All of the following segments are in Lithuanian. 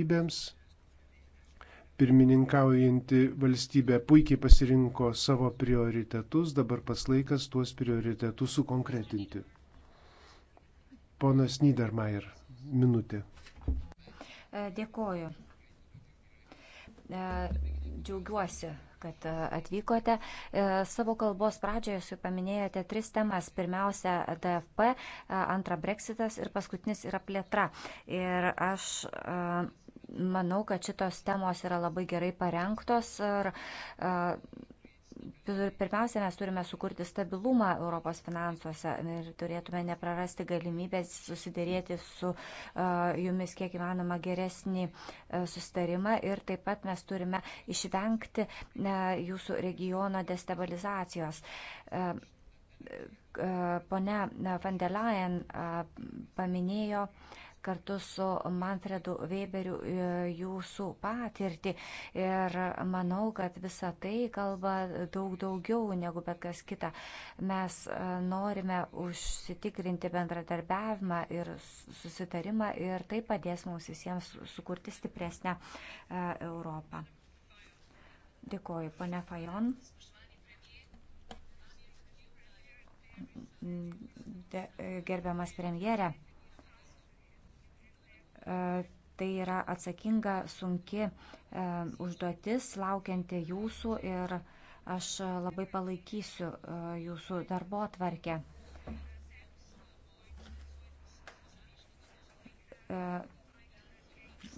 valstybėms. Pirmininkaujanti valstybė puikiai pasirinko savo prioritetus, dabar pas laikas tuos prioritetus sukonkretinti. Ponas Niedermayer, minutė. E, dėkoju. E, džiaugiuosi kad e, atvykote. Savo kalbos pradžioje jūs jau paminėjote tris temas. Pirmiausia, DFP, antra Brexitas ir paskutinis yra plėtra. Ir aš manau, kad šitos temos yra labai gerai parengtos ir e, pirmiausia, mes turime sukurti stabilumą Europos finansuose ir turėtume neprarasti galimybės susidėrėti su e, jumis kiek įmanoma geresnį e, sustarimą ir taip pat mes turime išvengti jūsų regiono destabilizacijos. Pone van der Leyen paminėjo, kartu su Manfredu Weberiu e, jūsų patirtį. Ir manau, kad visa tai kalba daug daugiau negu bet kas kita. Mes e, norime užsitikrinti bendradarbiavimą ir susitarimą ir tai padės mums visiems sukurti stipresnę e, Europą. Dėkuoju, ponia Fajon. Gerbiamas premjerė. E, tai yra atsakinga, sunki e, užduotis, laukianti jūsų ir aš labai palaikysiu e, jūsų darbo atvarkę.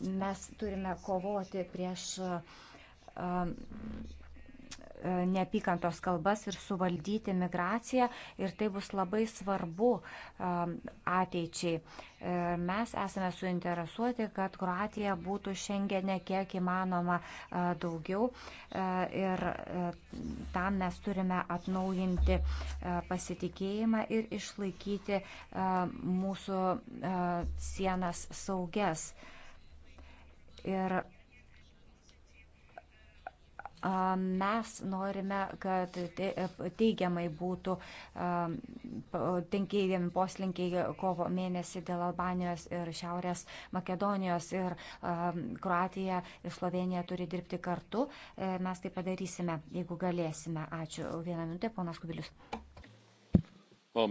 Mes turime kovoti prieš E, neapykantos kalbas ir suvaldyti migraciją ir tai bus labai svarbu e, ateičiai. E, mes esame suinteresuoti, kad Kroatija būtų šiandien kiek įmanoma daugiau ir tam mes turime atnaujinti pasitikėjimą ir išlaikyti mūsų sienas saugias. Ir mes norime, kad teigiamai būtų teigiami poslinkiai kovo mėnesį dėl Albanijos ir Šiaurės Makedonijos ir Kroatija ir Slovenija turi dirbti kartu. E, mes tai padarysime, jeigu galėsime. Ačiū. Vieną minutę, ponas Kubilius. Well,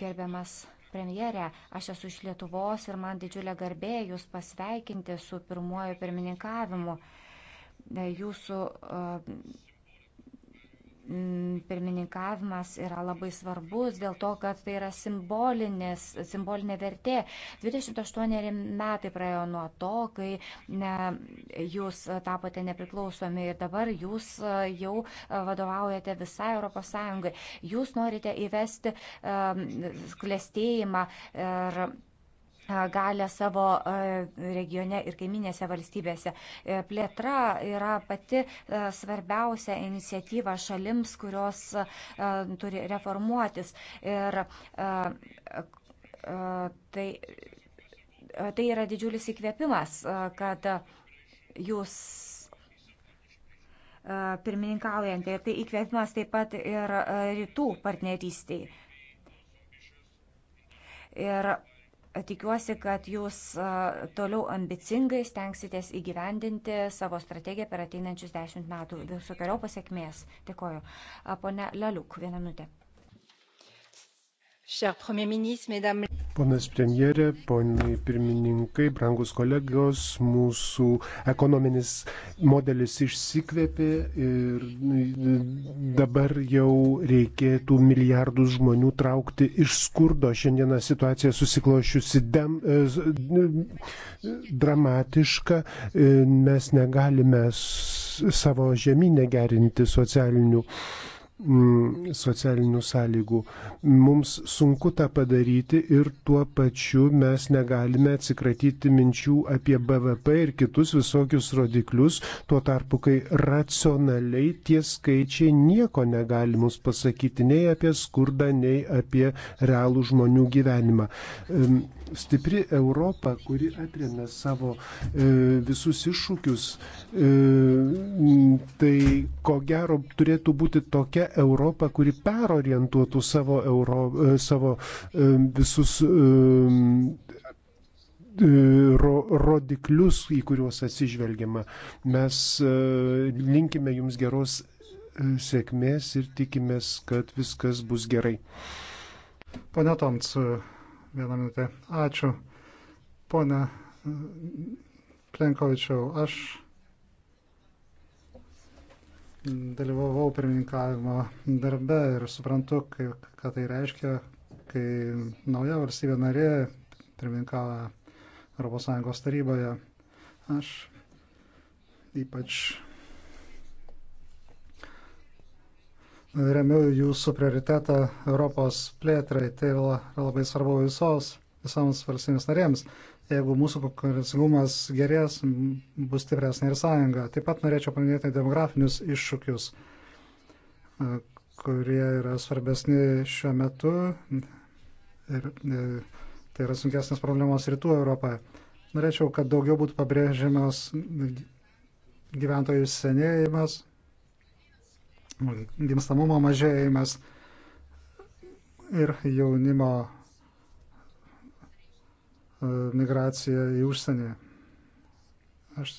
Gerbiamas premjerė, aš esu iš Lietuvos ir man didžiulė garbė jūs pasveikinti su pirmuoju pirmininkavimu. Jūsų Mm, pirmininkavimas yra labai svarbus dėl to, kad tai yra simbolinė vertė. 28 metai praėjo nuo to, kai ne, jūs tapote nepriklausomi ir dabar jūs e, jau e, vadovaujate visai ES. Jūs norite įvesti um, e, klėstėjimą ir galę savo e, regione ir kaiminėse valstybėse. E, plėtra yra pati e, svarbiausia iniciatyva šalims, kurios turi reformuotis. Ir tai, tai yra didžiulis įkvėpimas, kad jūs pirmininkaujantį. Ir tai įkvėpimas taip pat ir rytų partnerystiai. Ir Tikiuosi, kad jūs toliau ambicingai stengsitės įgyvendinti savo strategiją per ateinančius dešimt metų. Visokiojo pasiekmės. Dėkoju. Pone Leliuk, vieną minutę. Ponas premjerė, ponai pirmininkai, brangus kolegos, mūsų ekonominis modelis išsikvėpė ir dabar jau reikėtų milijardus žmonių traukti iš skurdo. Šiandieną situacija susiklošiusi dem, e, e, dramatiška. E, mes negalime savo žemynę gerinti socialinių Mm, socialinių sąlygų. Mums sunku tą padaryti ir tuo pačiu mes negalime atsikratyti minčių apie BVP ir kitus visokius rodiklius, tuo tarpu, kai racionaliai tie skaičiai nieko negali mums pasakyti nei apie skurdą, nei apie realų žmonių gyvenimą stipri Europa, kuri atremia savo e, visus iššūkius, e, tai ko gero turėtų būti tokia Europa, kuri perorientuotų savo, Euro, e, savo e, visus e, e ro, rodiklius, į kuriuos atsižvelgiama. Mes e, linkime jums geros e, sėkmės ir tikimės, kad viskas bus gerai. Pane Toms, Vieną minutę. Ačiū. Pone mm, Plenkovičiau, aš dalyvavau pirmininkavimo darbe ir suprantu, kai, ką tai reiškia, kai nauja valstybė narė pirmininkavo ES taryboje. Aš ypač remiu jūsų prioritetą Europos plėtrai. Tai yra labai svarbu visos, visoms valstybės narėms. Jeigu mūsų konkurencingumas gerės, bus stipresnė ir sąjunga. Taip pat norėčiau paminėti demografinius iššūkius, kurie yra svarbesni šiuo metu. Ir, e, tai yra sunkesnės problemos rytų Europoje. Norėčiau, kad daugiau būtų pabrėžiamas gyventojų senėjimas, gimstamumo mažėjimas ir jaunimo e, migracija į užsienį. Aš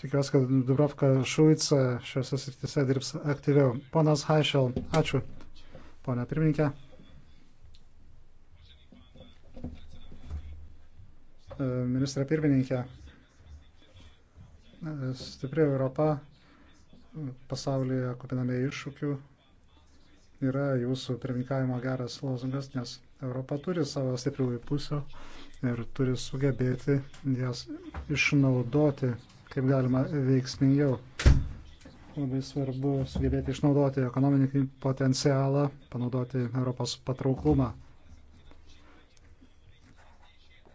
tikiuosi, kad Dubrovka Šuica šiuose srityse dirbs aktyviau. Ponas Haišel, ačiū. Pone pirmininkė. E, Ministra pirmininkė. E, stipri Europa pasaulyje kupiname iššūkių yra jūsų pirmininkavimo geras lozungas, nes Europa turi savo stipriųjų pusių ir turi sugebėti jas išnaudoti kaip galima veiksmingiau. Labai svarbu sugebėti išnaudoti ekonominį potencialą, panaudoti Europos patrauklumą.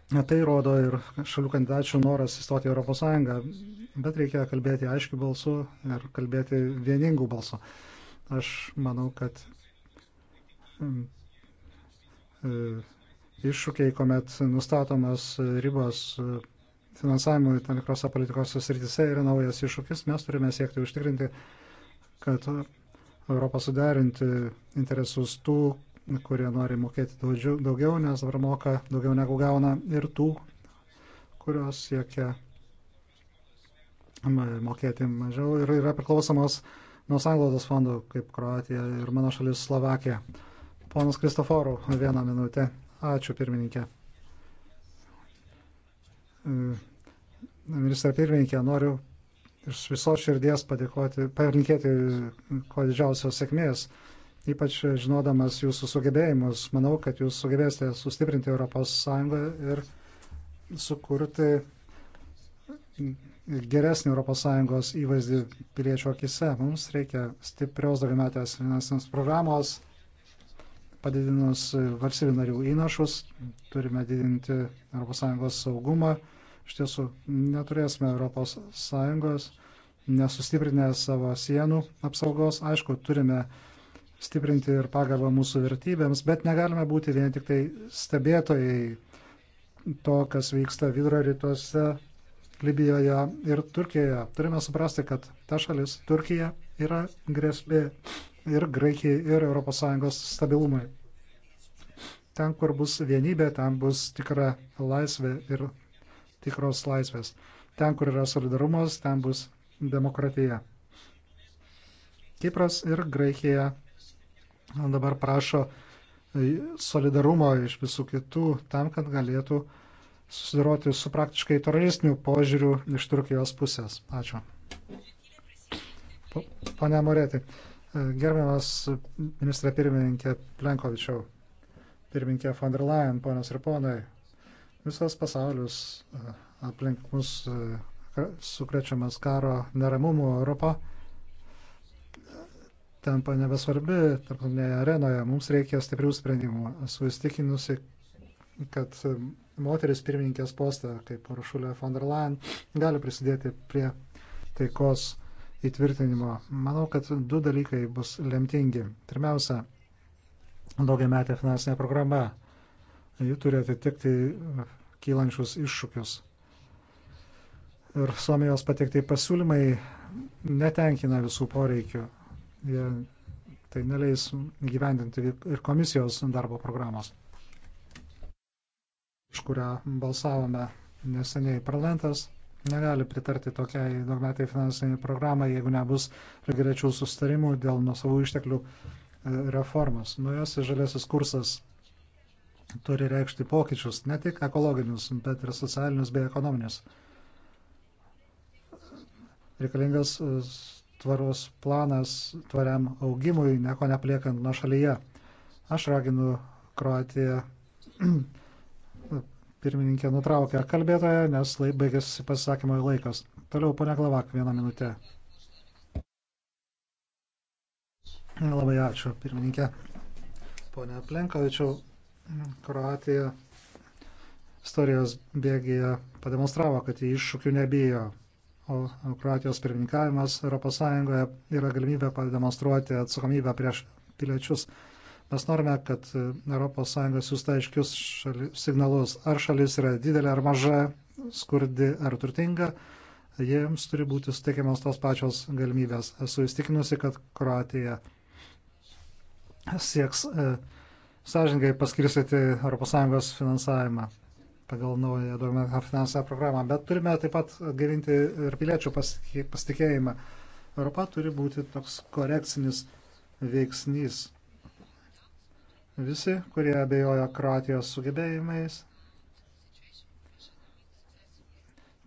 Tai rodo ir šalių kandidačių noras įstoti į Europos Sąjungą, bet reikia kalbėti aiškiu balsu ir kalbėti vieningu balsu. Aš manau, kad e, iššūkiai, kuomet nustatomas ribos finansavimui tam tikrose politikos srityse yra naujas iššūkis, mes turime siekti užtikrinti, kad Europą suderinti interesus tų, kurie nori mokėti daugiau, nes dabar moka daugiau negu gauna ir tų, kurios siekia mokėti mažiau ir yra priklausomos nuo sąnglaudos fondų, kaip Kroatija ir mano šalis Slovakija. Ponas Kristoforų, vieną minutę. Ačiū, pirmininkė. E, Ministra pirmininkė, noriu iš visos širdies padėkoti, palinkėti kuo didžiausios sėkmės ypač e, žinodamas jūsų sugebėjimus. Manau, kad jūs sugebėsite sustiprinti ES ir sukurti geresnį ES įvaizdį piliečių akise. Mums reikia stiprios daugiametės finansinės programos, padidinus valstybių narių įnašus, turime didinti ES saugumą. Iš tiesų, neturėsime ES nesustiprinę savo sienų apsaugos. Aišku, turime stiprinti ir pagarbą mūsų vertybėms, bet negalime būti vien tik tai stebėtojai to, kas vyksta vidurio rytuose, Libijoje ir Turkijoje. Turime suprasti, kad ta šalis, Turkija, yra grėsmė ir Graikijai, ir ES stabilumui. Ten, kur bus vienybė, ten bus tikra laisvė ir tikros laisvės. Ten, kur yra solidarumas, ten bus demokratija. Kipras ir Graikija dabar prašo e, solidarumo iš visų kitų tam, kad galėtų susidoroti su praktiškai teroristiniu požiūriu iš Turkijos pusės. Ačiū. Pane Morėti, e, gerbiamas ministrė pirmininkė Plenkovičiau, pirmininkė von der Leyen, ponios ir ponai, visas pasaulius e, aplink mus sukrečiamas karo neramumų Europą tampa nebesvarbi tarptautinėje arenoje. Mums reikia stiprių sprendimų. Esu įstikinusi, kad moteris pirmininkės postą, kaip Uršulė von der Leyen, gali prisidėti prie taikos įtvirtinimo. Manau, kad du dalykai bus lemtingi. Pirmiausia, daugiametė finansinė programa. Ji turi atitikti kylančius iššūkius. Ir Suomijos pateiktai pasiūlymai netenkina visų poreikių tai neleis gyvendinti ir komisijos darbo programos, iš kurią balsavome neseniai. Parlamentas negali pritarti tokiai daugmetai finansiniai programai, jeigu nebus lygirečių sustarimų dėl nusavų išteklių e, reformos. Naujasis žaliasis kursas turi reikšti pokyčius, ne tik ekologinius, bet ir socialinius bei ekonominius. Reikalingas e, tvaros planas tvariam augimui, nieko nepaliekant nuo šalyje. Aš raginu Kroatiją pirmininkė nutraukė kalbėtoją, nes baigėsi pasisakymo laikas. Toliau, ponia Glavak, vieną minutę. Labai ačiū, pirmininkė. Pone Plenkovičiau, Kroatija istorijos bėgėje pademonstravo, kad jie iššūkių nebijo o Kroatijos pirmininkavimas ES yra galimybė pademonstruoti atsakomybę prieš piliečius. Mes norime, kad ES siūsta aiškius šali, signalus, ar šalis yra didelė ar maža, skurdi ar turtinga, jiems turi būti suteikiamas tos pačios galimybės. Esu įstikinusi, kad Kroatija sieks e, sąžininkai paskirstyti ES finansavimą pagal naują finansinę programą, bet turime taip pat atgavinti ir piliečių pasitikėjimą. Europa turi būti toks korekcinis veiksnys. Visi, kurie abejoja Kroatijos sugebėjimais,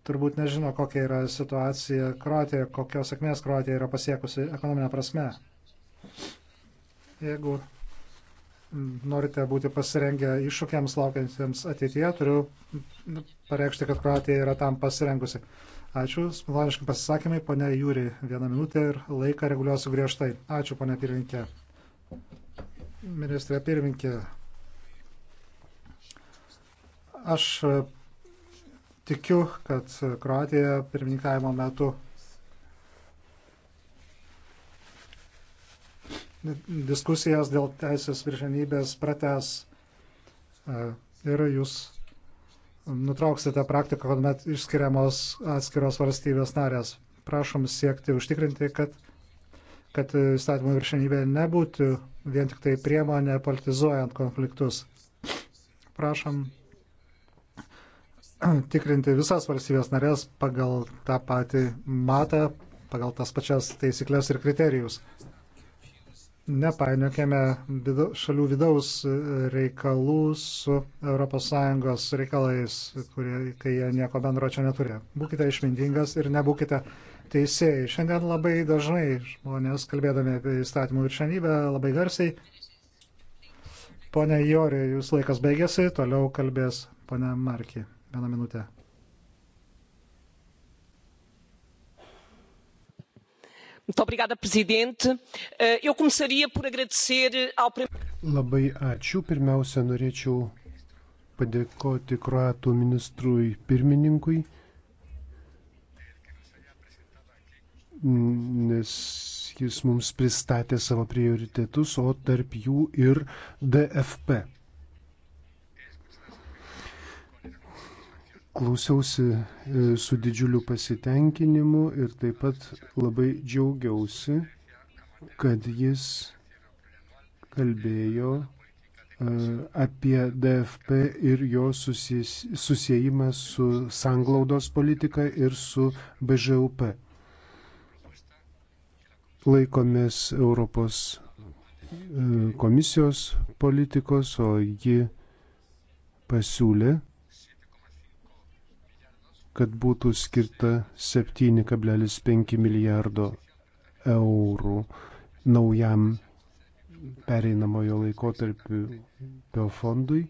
turbūt nežino, kokia yra situacija Kroatijoje, kokios sėkmės Kroatija yra pasiekusi ekonominė prasme. Jeigu norite būti pasirengę iššūkiams laukiantiems ateityje, turiu pareikšti, kad Kroatija yra tam pasirengusi. Ačiū, spontaniškai pasisakymai, ponia Jūri, vieną minutę ir laiką reguliuosiu griežtai. Ačiū, ponia pirminkė. Ministrė pirminkė, aš tikiu, kad Kroatija pirmininkavimo metu diskusijas dėl teisės viršenybės prates e, ir jūs nutrauksite praktiką, kuomet išskiriamos atskiros valstybės narės. Prašom siekti užtikrinti, kad, kad įstatymų viršenybė nebūtų vien tik tai priemonė politizuojant konfliktus. Prašom tikrinti visas valstybės narės pagal tą patį matą, pagal tas pačias taisyklės ir kriterijus nepainiokime šalių vidaus reikalų su ES reikalais, kurie, kai jie nieko bendro čia neturi. Būkite išmintingas ir nebūkite teisėjai. Šiandien labai dažnai žmonės, kalbėdami apie įstatymų viršenybę, labai garsiai. Pone Jori, jūs laikas baigėsi, toliau kalbės pone Marki. Vieną minutę. Obrigada, prezidente. Eh, eu começaria por agradecer ao primeiro. Labai ačiū. Pirmiausia, norėčiau padėkoti Kroatų ministrui pirmininkui, nes jis mums pristatė savo prioritetus, o tarp jų ir DFP. klausiausi e, su didžiuliu pasitenkinimu ir taip pat labai džiaugiausi, kad jis kalbėjo e, apie DFP ir jo susijimą su sanglaudos politika ir su BŽUP. Laikomės Europos e, komisijos politikos, o ji pasiūlė kad būtų skirta 7,5 milijardo eurų naujam pereinamojo laikotarpio fondui.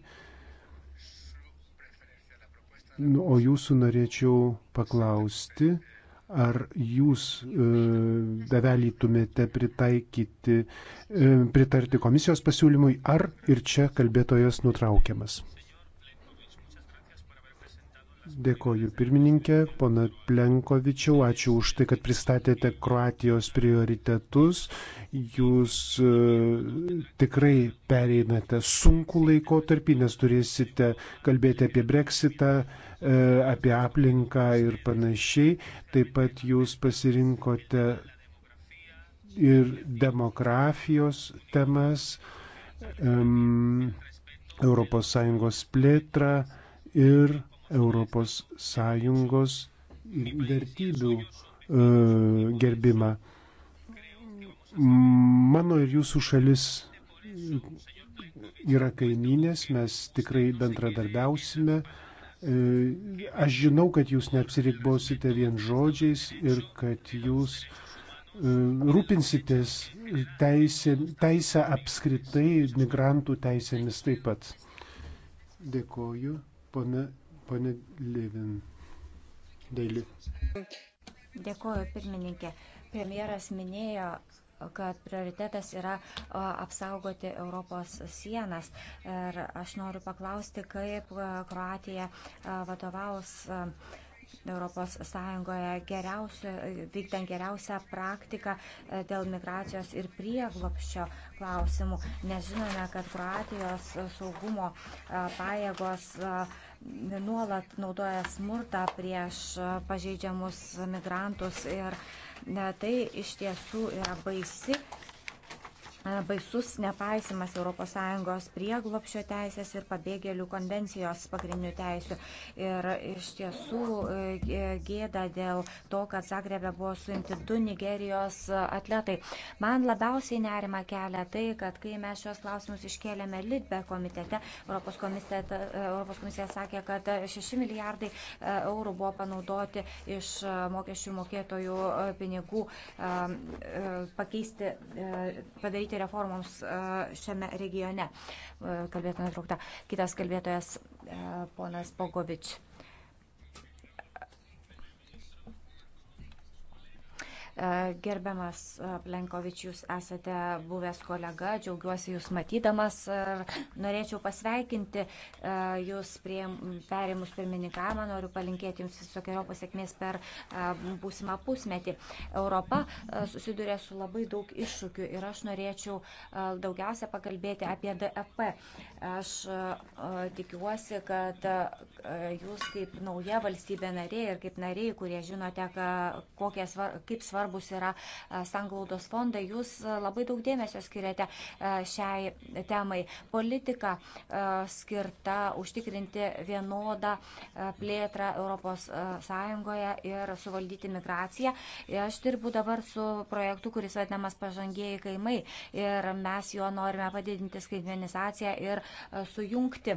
Nu, o jūsų norėčiau paklausti, ar jūs e, bevelytumėte pritaikyti, e, pritarti komisijos pasiūlymui, ar ir čia kalbėtojas nutraukiamas. Dėkoju pirmininkė, pana Plenkovičiau, ačiū už tai, kad pristatėte Kroatijos prioritetus. Jūs e, tikrai pereinate sunku laikotarpį, nes turėsite kalbėti apie breksitą, e, apie aplinką ir panašiai. Taip pat jūs pasirinkote ir demografijos temas, ES plėtrą ir ES vertybių e, gerbimą. Mano ir jūsų šalis yra kaiminės, mes tikrai bendradarbiausime. E, aš žinau, kad jūs neapsiribosite vien žodžiais ir kad jūs e, rūpinsitės teisę, teisę apskritai, migrantų teisėmis taip pat. Dėkoju, pana Pane Levin. Daily. Dėkuoju, pirmininkė. Premjeras minėjo kad prioritetas yra apsaugoti Europos sienas. Ir aš noriu paklausti, kaip Kroatija vadovaus ES geriausia, vykdant geriausią praktiką e, dėl migracijos ir prieglopščio klausimų, nes žinome, kad Kroatijos saugumo e, pajėgos e, nuolat naudoja smurtą prieš pažeidžiamus migrantus ir tai iš tiesų yra baisi baisus nepaisimas ES prieglopšio teisės ir pabėgėlių konvencijos pagrindinių teisių. Ir iš tiesų e, gėda dėl to, kad Zagrebė buvo suimti du Nigerijos atletai. Man labiausiai nerima kelia tai, kad kai mes šios klausimus iškėlėme Litbe komitete, Europos, komitete, e, Europos komisija sakė, kad 6 milijardai e, eurų buvo panaudoti iš mokesčių mokėtojų pinigų pakeisti, padaryti pasisakyti reformoms e, šiame regione. E, Kalbėtoja traukta. Kitas kalbėtojas, e, ponas Bogovič. E, gerbiamas e, Plenkovič, jūs esate buvęs kolega, džiaugiuosi jūs matydamas ir e, norėčiau pasveikinti jūs prie perėmus pirmininkavimą, noriu palinkėti jums visokiojo pasiekmės per būsimą pusmetį. Europa susiduria su labai daug iššūkių ir aš norėčiau daugiausia pakalbėti apie DFP. Aš tikiuosi, kad jūs kaip nauja valstybė narė ir kaip nariai, kurie žinote, kokie, kaip svarbu svarbus yra e, sanglaudos fondai. Jūs e, labai daug dėmesio skiriate e, šiai temai. Politika skirta užtikrinti vienodą plėtrą ES ir suvaldyti migraciją. Aš dirbu dabar su projektu, kuris vadinamas pažangėjai kaimai ir mes jo norime padidinti skaitmenizaciją ir sujungti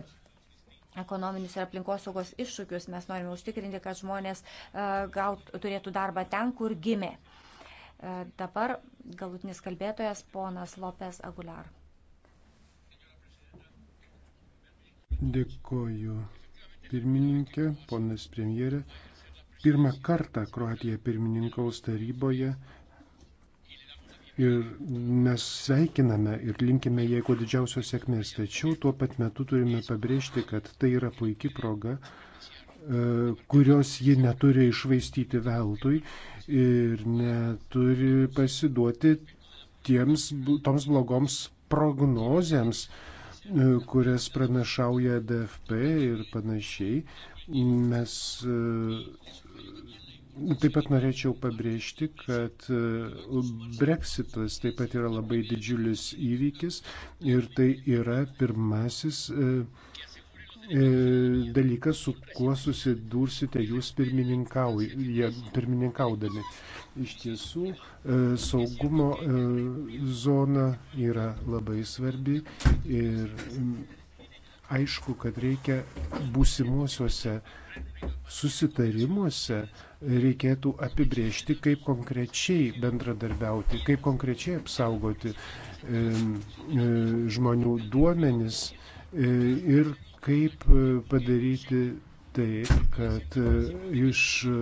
ekonominius ir aplinkosaugos iššūkius. Mes norime užtikrinti, kad žmonės e, gaut, turėtų darbą ten, kur gimė. E, dabar galutinis kalbėtojas ponas Lopes Aguilar. Dėkoju pirmininkė, ponas premjerė. Pirmą kartą Kroatija pirmininkaus taryboje Ir mes sveikiname ir linkime jai kuo didžiausios sėkmės, tačiau tuo pat metu turime pabrėžti, kad tai yra puikia proga, e, kurios ji neturi išvaistyti veltui ir neturi pasiduoti tiems, toms blogoms prognozėms, e, kurias pranašauja DFP ir panašiai. Mes e, Taip pat norėčiau pabrėžti, kad e, Brexitas taip pat yra labai didžiulis įvykis ir tai yra pirmasis e, e, dalykas, su kuo susidursite jūs pirmininkaudami. Iš tiesų, saugumo zona yra labai svarbi ir aišku, kad reikia būsimuosiuose susitarimuose reikėtų apibriežti, kaip konkrečiai bendradarbiauti, kaip konkrečiai apsaugoti e, e, žmonių duomenis e, ir kaip e, padaryti taip, kad e, iš e,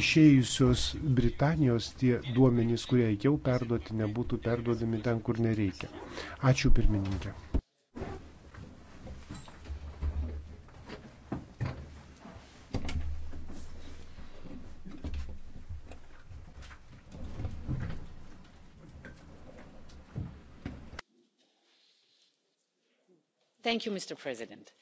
išėjusios Britanijos tie duomenys, kurie jau perduoti, nebūtų perduodami ten, kur nereikia. Ačiū pirmininkė. mr president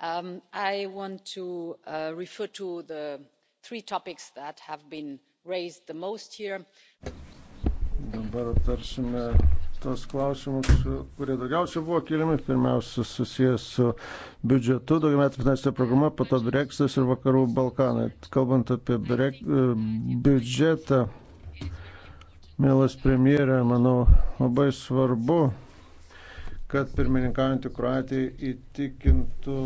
um, i want to uh, refer to the three topics that have been raised the most here. dabar aptarsime tuos klausimus kurie daugiausiai buvo keliami pirmiausia susiję su biudžetu daugiamete finansinė programa po to breksitas ir vakarų balkanai. kalbant apie brek... E, biudžetą mielas premjere manau labai svarbu kad pirmininkaujantį Kroatiją įtikintų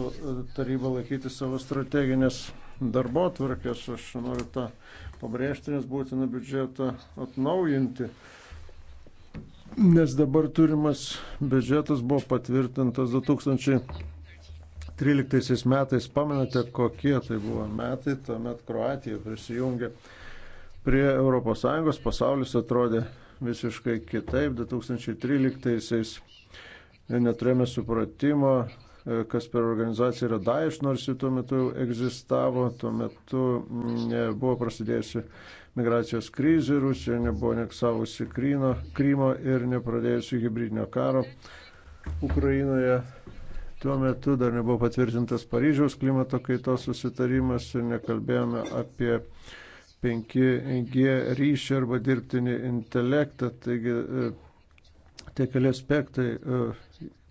tarybą laikyti savo strateginės darbo tvarkės. Aš noriu tą pabrėžti, nes būtina biudžetą atnaujinti. Nes dabar turimas biudžetas buvo patvirtintas 2013 metais. Pamenate, kokie tai buvo metai, tuomet Kroatija prisijungė prie ES, pasaulis atrodė visiškai kitaip. 2013 metais neturėjome supratimo, e, kas per organizaciją yra Daesh, nors ji tuo metu jau egzistavo, tuo metu buvo prasidėjusi migracijos krizė, Rusija nebuvo aneksavusi Krymo ir nepradėjusi hybridinio karo Ukrainoje. Tuo metu dar nebuvo patvirtintas Paryžiaus klimato kaitos susitarimas ir nekalbėjome apie 5G ryšį arba dirbtinį intelektą. Taigi e, Tie keli aspektai e,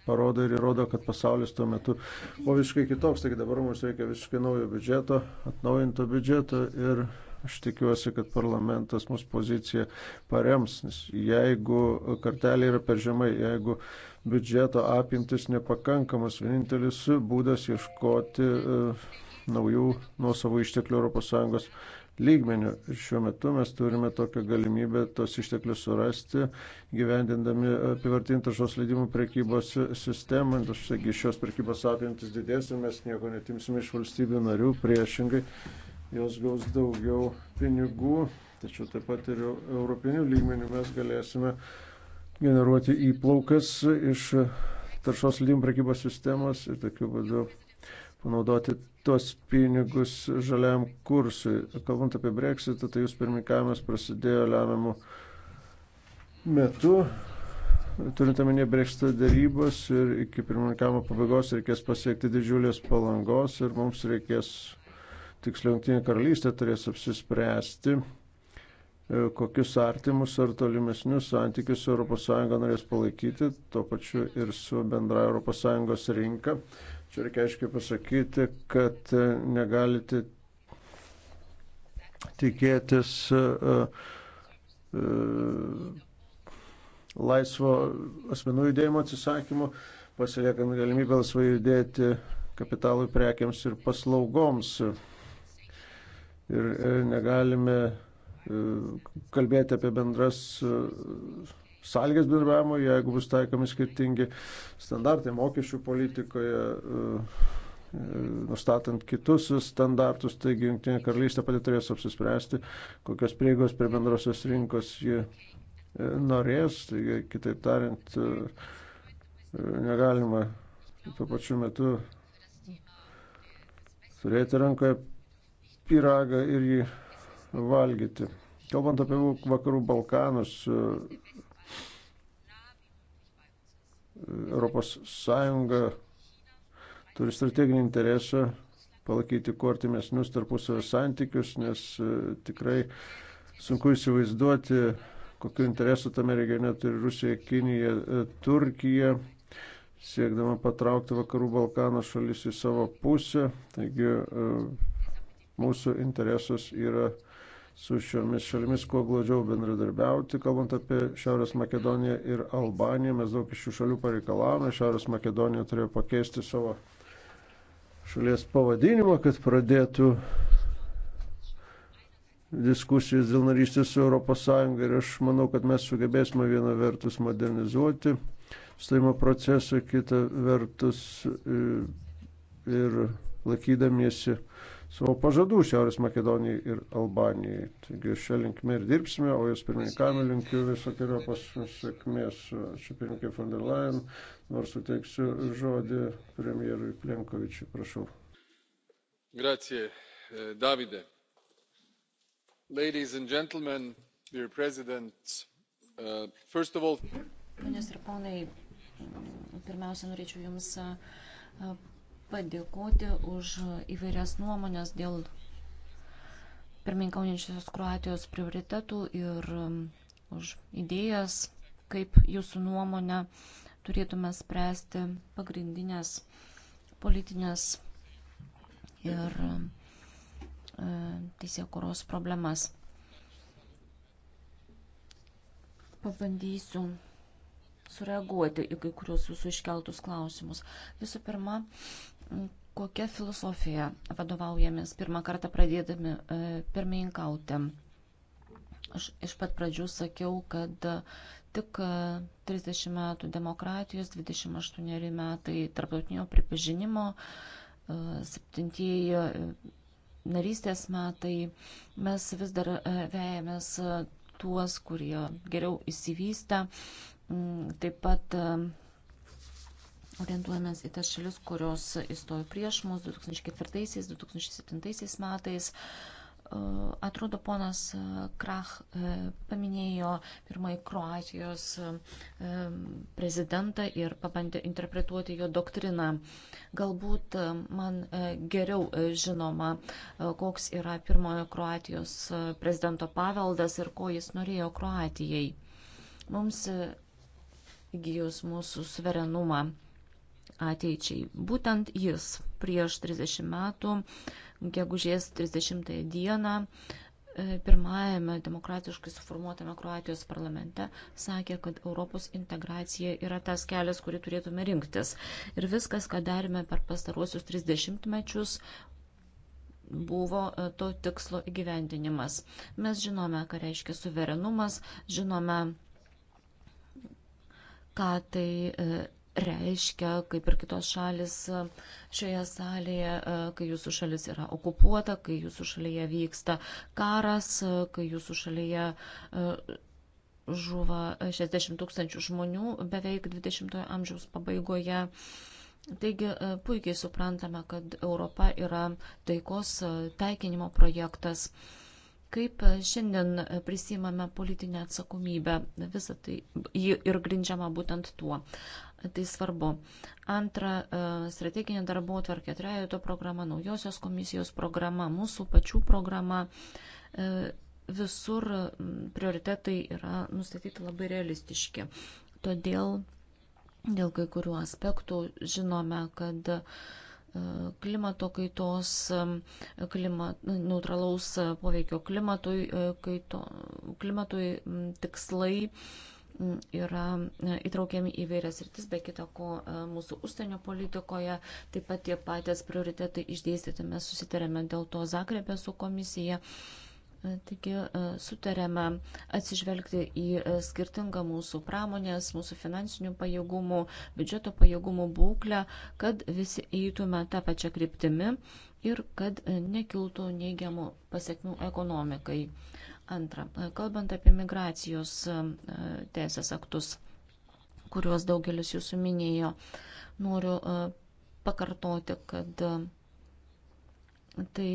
parodo ir įrodo, kad pasaulis tuo metu buvo visiškai kitoks, taigi dabar mums reikia visiškai naujo biudžeto, atnaujinto biudžeto ir aš tikiuosi, kad parlamentas mūsų poziciją parems, nes jeigu kartelė yra per žemai, jeigu biudžeto apimtis nepakankamas, vienintelis būdas ieškoti e, naujų nuo savo išteklių ES lygmenių. Ir šiuo metu mes turime tokią galimybę tos išteklius surasti, gyvendindami apivartintą šios leidimų prekybos sistemą. Aš taigi šios prekybos apimtis didės ir mes nieko netimsime iš valstybių narių, priešingai jos gaus daugiau pinigų, tačiau taip pat ir europinių lygmenių mes galėsime generuoti įplaukas iš taršos leidimų prekybos sistemos ir tokiu būdu panaudoti tuos pinigus žaliam kursui. Kalbant apie breksitą, tai jūs pirmininkavimas prasidėjo lemiamu metu. Turint omenyje breksitą darybos ir iki pirmininkavimo pabaigos reikės pasiekti didžiulės palangos ir mums reikės, tiksliau, Junktinė karalystė turės apsispręsti e, kokius artimus ar tolimesnius santykius ES norės palaikyti, tuo pačiu ir su bendra ES rinka. Čia reikia aiškiai pasakyti, kad e, negalite tikėtis e, e, laisvo asmenų judėjimo atsisakymo, pasiliekant galimybę laisvai judėti kapitalui, prekiams ir paslaugoms. Ir negalime kalbėti apie bendras sąlygas bendravimo, jeigu bus taikomi skirtingi standartai mokesčių politikoje, e, e, nustatant kitus standartus, taigi Junktinė karalystė pati turės apsispręsti, kokios prieigos prie bendrosios rinkos ji e, norės, taigi kitaip tariant, negalima tuo pačiu metu turėti rankoje pyragą ir jį valgyti. Kalbant apie vakarų Balkanus, ES turi strateginį interesą palaikyti kuo artimesnius tarpusavio santykius, nes e, tikrai sunku įsivaizduoti, kokiu interesu tame regione turi Rusija, Kinija, e, Turkija, siekdama patraukti vakarų Balkano šalis į savo pusę. Taigi e, mūsų interesas yra su šiomis šalimis kuo glaudžiau bendradarbiauti. Kalbant apie Šiaurės Makedoniją ir Albaniją, mes daug iš šių šalių pareikalavome. Šiaurės Makedonija turėjo pakeisti savo šalies pavadinimą, kad pradėtų diskusijas dėl narystės su ES ir aš manau, kad mes sugebėsime vieną vertus modernizuoti stojimo procesą, kitą vertus e, ir laikydamiesi savo pažadų Šiaurės Makedonijai ir Albanijai. Taigi šią linkmę ir dirbsime, o jos pirmininkami linkiu visokiojo pasiekmės. Ačiū pirmininkai von der Leyen, nors suteiksiu žodį premjerui Plenkovičiui, prašau. Grazie, eh, Davide. Ladies and gentlemen, dear President, uh, eh, first of all. Ponios ir ponai, pirmiausia, norėčiau Jums eh, padėkoti už įvairias nuomonės dėl pirmininkaujančios Kroatijos prioritetų ir um, už idėjas, kaip jūsų nuomonė turėtume spręsti pagrindinės politinės ir um, e, teisėkuros problemas. Pabandysiu sureaguoti į kai kurios jūsų iškeltus klausimus. Visų pirma, Kokia filosofija vadovaujamės pirmą kartą pradėdami e, pirmininkauti? Aš iš pat pradžių sakiau, kad e, tik 30 e, metų demokratijos, 28 metai tarptautinio pripažinimo, 7 e, narystės metai, mes vis dar vejamės tuos, kurie geriau įsivystę, mm, taip pat orientuojamės į tas šalis, kurios įstojo prieš mus 2004-2007 metais. E, atrodo, ponas e, Krach e, paminėjo pirmąjį Kroatijos prezidentą ir pabandė interpretuoti jo doktriną. Galbūt man geriau žinoma, koks yra pirmojo Kroatijos prezidento paveldas ir ko jis norėjo Kroatijai. Mums įgyjus mūsų suverenumą ateičiai. Būtent jis prieš 30 metų, gegužės 30 dieną, e, pirmajame demokratiškai suformuotame Kroatijos parlamente sakė, kad Europos integracija yra tas kelias, kurį turėtume rinktis. Ir viskas, ką darėme per pastaruosius 30 mečius, buvo e, to tikslo įgyvendinimas. Mes žinome, ką reiškia suverenumas, žinome, ką tai e, reiškia, kaip ir kitos šalis e, šioje salėje, e, kai jūsų šalis yra okupuota, kai jūsų šalyje vyksta karas, e, kai jūsų šalyje žuva 60 tūkstančių žmonių beveik 20-ojo amžiaus pabaigoje. Taigi puikiai suprantame, kad Europa yra taikos taikinimo projektas. Kaip šiandien prisimame politinę atsakomybę, visą tai ir grindžiama būtent tuo tai svarbu. Antra, e, strateginė darbo tvarkė, trejato programa, naujosios komisijos programa, mūsų pačių programa, e, visur prioritetai yra nustatyti labai realistiški. Todėl dėl kai kurių aspektų žinome, kad e, klimato kaitos, klima, neutralaus poveikio klimatui, kaito, klimatui tikslai yra e, įtraukiami į vairias rytis, be kita ko e, mūsų užsienio politikoje, taip pat tie patys prioritetai išdėstyti, mes susitarėme dėl to Zagrebė su komisija. E, taigi sutarėme atsižvelgti į skirtingą mūsų pramonės, mūsų finansinių pajėgumų, biudžeto pajėgumų būklę, kad visi eitume tą pačią kryptimį ir kad nekiltų neigiamų pasiekmių ekonomikai. Antra, kalbant apie migracijos e, teisės aktus, kuriuos daugelis jūsų minėjo, noriu e, pakartoti, kad e, tai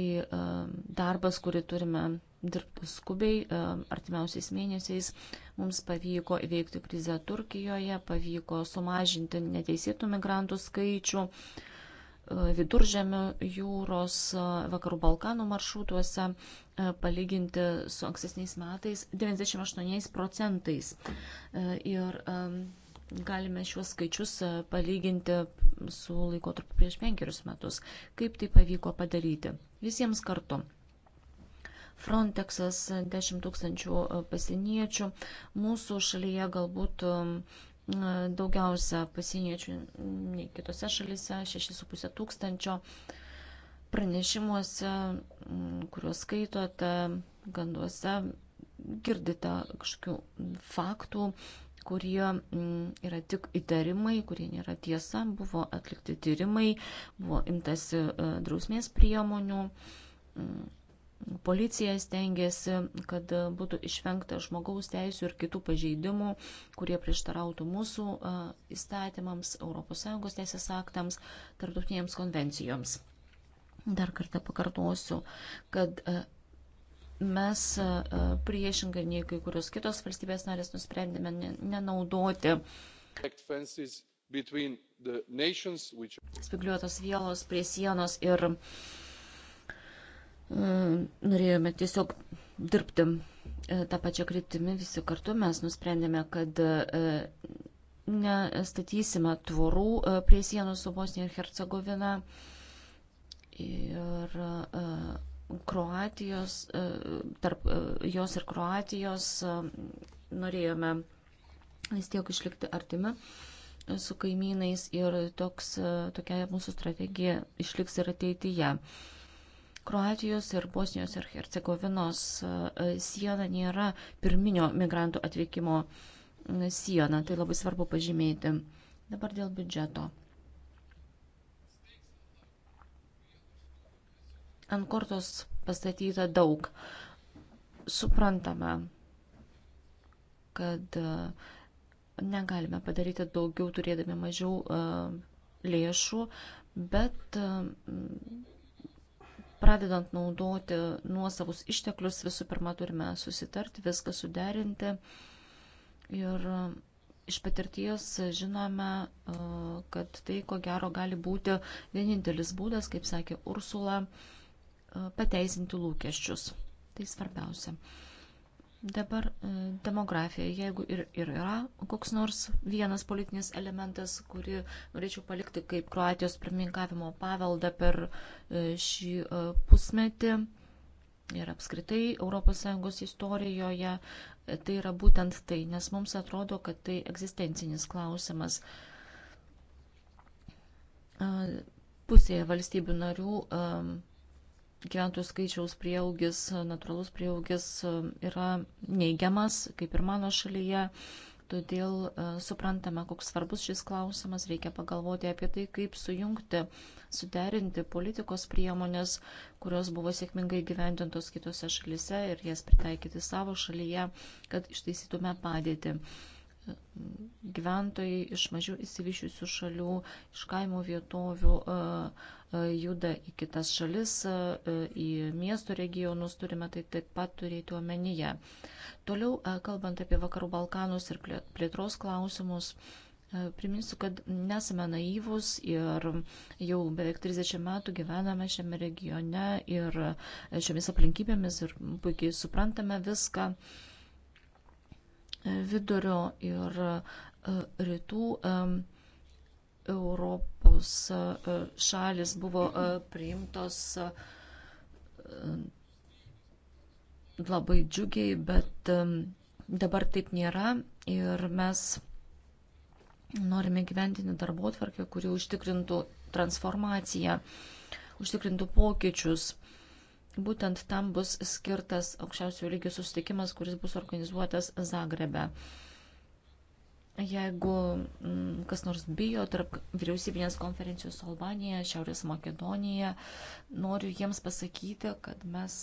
darbas, kurį turime dirbti skubiai, artimiausiais mėnesiais mums pavyko įveikti krizę Turkijoje, pavyko sumažinti neteisėtų migrantų skaičių, viduržėmio jūros, vakarų Balkanų maršrutuose palyginti su ankstesniais metais 98 procentais. Ir galime šiuos skaičius palyginti su laikotarpiu prieš penkerius metus. Kaip tai pavyko padaryti? Visiems kartu. Frontexas 10 tūkstančių pasieniečių. Mūsų šalyje galbūt daugiausia pasieniečių nei kitose šalise, 6,5 tūkstančio pranešimuose, mm, kuriuos skaitote, ganduose, girdite kažkokių faktų, kurie mm, yra tik įtarimai, kurie nėra tiesa, buvo atlikti tyrimai, buvo imtasi e, drausmės priemonių mm, policija stengiasi, kad būtų išvengta žmogaus teisų ir kitų pažeidimų, kurie prieštarautų mūsų įstatymams, ES teisės aktams, tarptautinėms konvencijoms. Dar kartą pakartosiu, kad mes priešingai nei kai kurios kitos valstybės narės nusprendėme nenaudoti spigliuotos vielos prie sienos ir uh, norėjome tiesiog dirbti e, tą pačią kryptimį visi kartu. Mes nusprendėme, kad e, nestatysime tvorų e, prie sienų su Bosnija ir Hercegovina ir Kroatijos, tarp jos ir Kroatijos norėjome vis tiek išlikti artimi su kaimynais ir toks, tokia mūsų strategija išliks ir ateityje. Kroatijos ir Bosnijos ir Hercegovinos e, siena nėra pirminio migrantų atvykimo e, siena. Tai labai svarbu pažymėti. Dabar dėl biudžeto. Ant kortos pastatyta daug. Suprantame, kad e, negalime padaryti daugiau turėdami mažiau lėšų, bet pradedant naudoti nuosavus išteklius, visų pirma turime susitarti, viską suderinti. Ir e, iš patirties žinome, e, kad tai ko gero gali būti vienintelis būdas, kaip sakė Ursula, e, pateisinti lūkesčius. Tai svarbiausia. Dabar e, demografija, jeigu ir, ir yra koks nors vienas politinis elementas, kurį norėčiau palikti kaip Kroatijos pirmininkavimo paveldą per e, šį e, pusmetį ir apskritai ES istorijoje, tai yra būtent tai, nes mums atrodo, kad tai egzistencinis klausimas. Pusėje valstybių narių gyventojų skaičiaus prieaugis, natūralus prieaugis e, yra neigiamas, kaip ir mano šalyje. Todėl e, suprantame, koks svarbus šis klausimas, reikia pagalvoti apie tai, kaip sujungti, suderinti politikos priemonės, kurios buvo sėkmingai gyvendintos kitose šalyse ir jas pritaikyti savo šalyje, kad ištaisytume padėtį gyventojai iš mažiau įsivyšiusių šalių, iš kaimo vietovių e, e, juda į kitas šalis, e, į miesto regionus turime tai taip pat turėti omenyje. Toliau, kalbant apie Vakarų Balkanus ir plėtros klausimus, Priminsiu, kad nesame naivus ir jau beveik 30 metų gyvename šiame regione ir šiomis aplinkybėmis ir puikiai suprantame viską. Uh, E, vidurio ir e, rytų e, Europos šalis buvo priimtos labai džiugiai, bet dabar taip nėra ir mes norime gyventinį darbo atvarkę, kuri užtikrintų transformaciją, užtikrintų pokyčius. Būtent tam bus skirtas aukščiausių lygių susitikimas, kuris bus organizuotas Zagrebe. Jeigu mm, kas nors bijo tarp vyriausybinės konferencijos Albanija, Šiaurės Makedonija, noriu jiems pasakyti, kad mes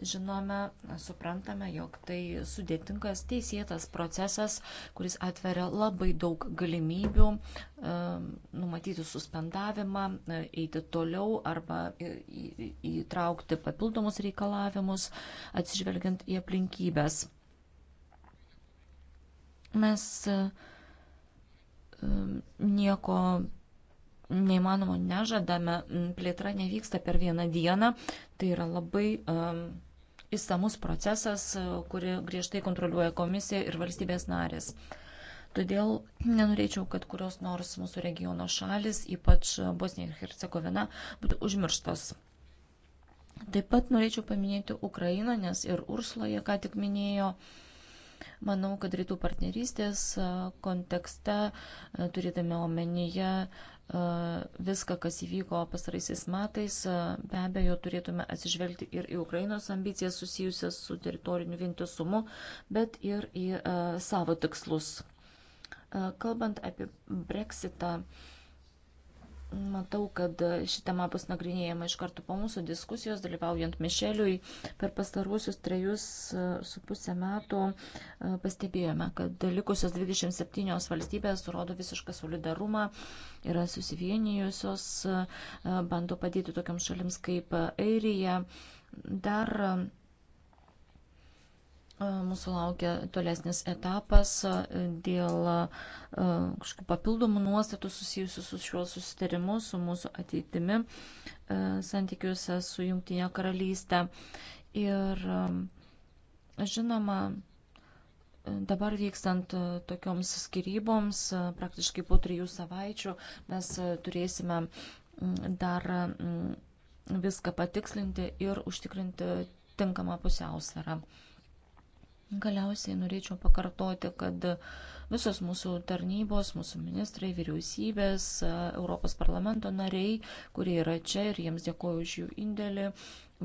Žinome, suprantame, jog tai sudėtingas teisėtas procesas, kuris atveria labai daug galimybių e, numatyti suspendavimą, e, eiti toliau arba įtraukti papildomus reikalavimus, atsižvelgiant į aplinkybės. Mes e, nieko neįmanomo nežadame, plėtra nevyksta per vieną dieną, tai yra labai um, įstamus procesas, kurį griežtai kontroliuoja komisija ir valstybės narės. Todėl nenorėčiau, kad kurios nors mūsų regiono šalis, ypač Bosnija ir Hercegovina, būtų užmirštos. Taip pat norėčiau paminėti Ukrainą, nes ir Ursula ją ką tik minėjo. Uh, Manau, kad rytų partnerystės kontekste, turėdami omenyje viską, kas įvyko pasaraisiais metais, be abejo, turėtume atsižvelgti ir į Ukrainos ambicijas susijusias su teritoriniu vientisumu, bet ir į savo tikslus. Kalbant apie Brexitą, Matau, kad ši tema bus nagrinėjama iš karto po mūsų diskusijos, dalyvaujant Mišeliui. Per pastaruosius trejus e, su pusę metų e, pastebėjome, kad likusios 27 valstybės rodo visišką solidarumą, yra susivienijusios, e, bando padėti tokiam šalims kaip Airija. Dar Mūsų laukia tolesnis etapas dėl kažkokių papildomų nuostatų susijusių su šiuo susitarimu, su mūsų ateitimi santykiuose su Junktinė karalystė. Ir žinoma, dabar vykstant tokioms skiryboms, praktiškai po trijų savaičių, mes turėsime dar viską patikslinti ir užtikrinti tinkamą pusiausvyrą. Galiausiai norėčiau pakartoti, kad visos mūsų tarnybos, mūsų ministrai, vyriausybės, Europos parlamento nariai, kurie yra čia ir jiems dėkoju už jų indėlį,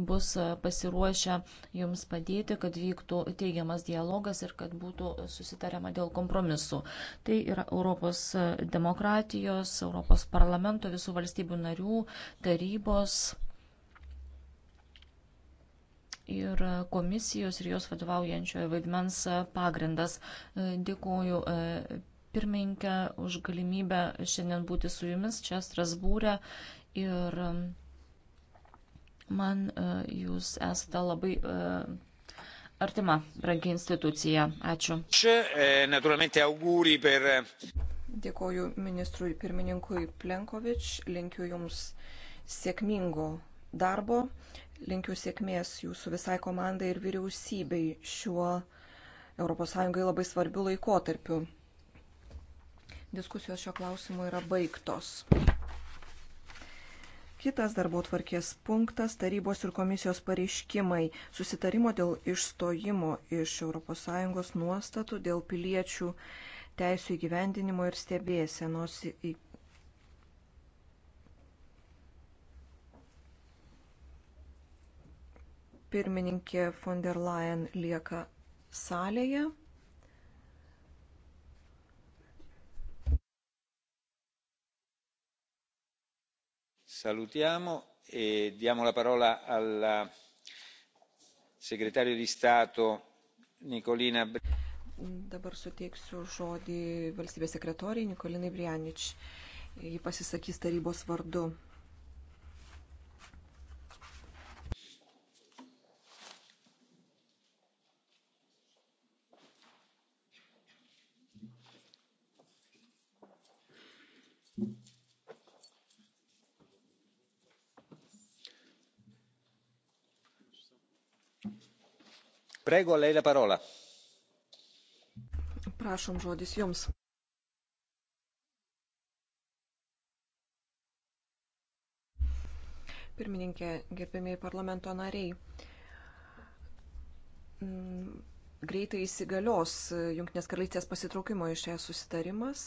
bus pasiruošę jums padėti, kad vyktų teigiamas dialogas ir kad būtų susitariama dėl kompromisų. Tai yra Europos demokratijos, Europos parlamento, visų valstybių narių, tarybos ir komisijos ir jos vadovaujančiojo vaidmens pagrindas. Dėkuoju e, pirmininkę už galimybę šiandien būti su jumis čia Strasbūrė ir e, man e, jūs esate labai artima, brangi institucija. Ačiū. Dėkuoju ministrui pirmininkui Plenkovič, linkiu jums sėkmingo darbo. Linkiu sėkmės jūsų visai komandai ir vyriausybei šiuo ES labai svarbiu laikotarpiu. Diskusijos šio klausimu yra baigtos. Kitas darbo tvarkės punktas - tarybos ir komisijos pareiškimai susitarimo dėl išstojimo iš ES nuostatų dėl piliečių teisų įgyvendinimo ir stebėsenos pirmininkė von der Leyen lieka salėje. salutiamo e diamo la parola al segretario di stato nicolina dabar suteiksiu žodį valstybės sekretorei nicolinai brianič ji pasisakys tarybos vardu Prego, lei la parola. Prašom žodis jums. Pirmininkė, gerbėmiai parlamento nariai, mm, greitai įsigalios Junktinės karalystės pasitraukimo iš šią susitarimas.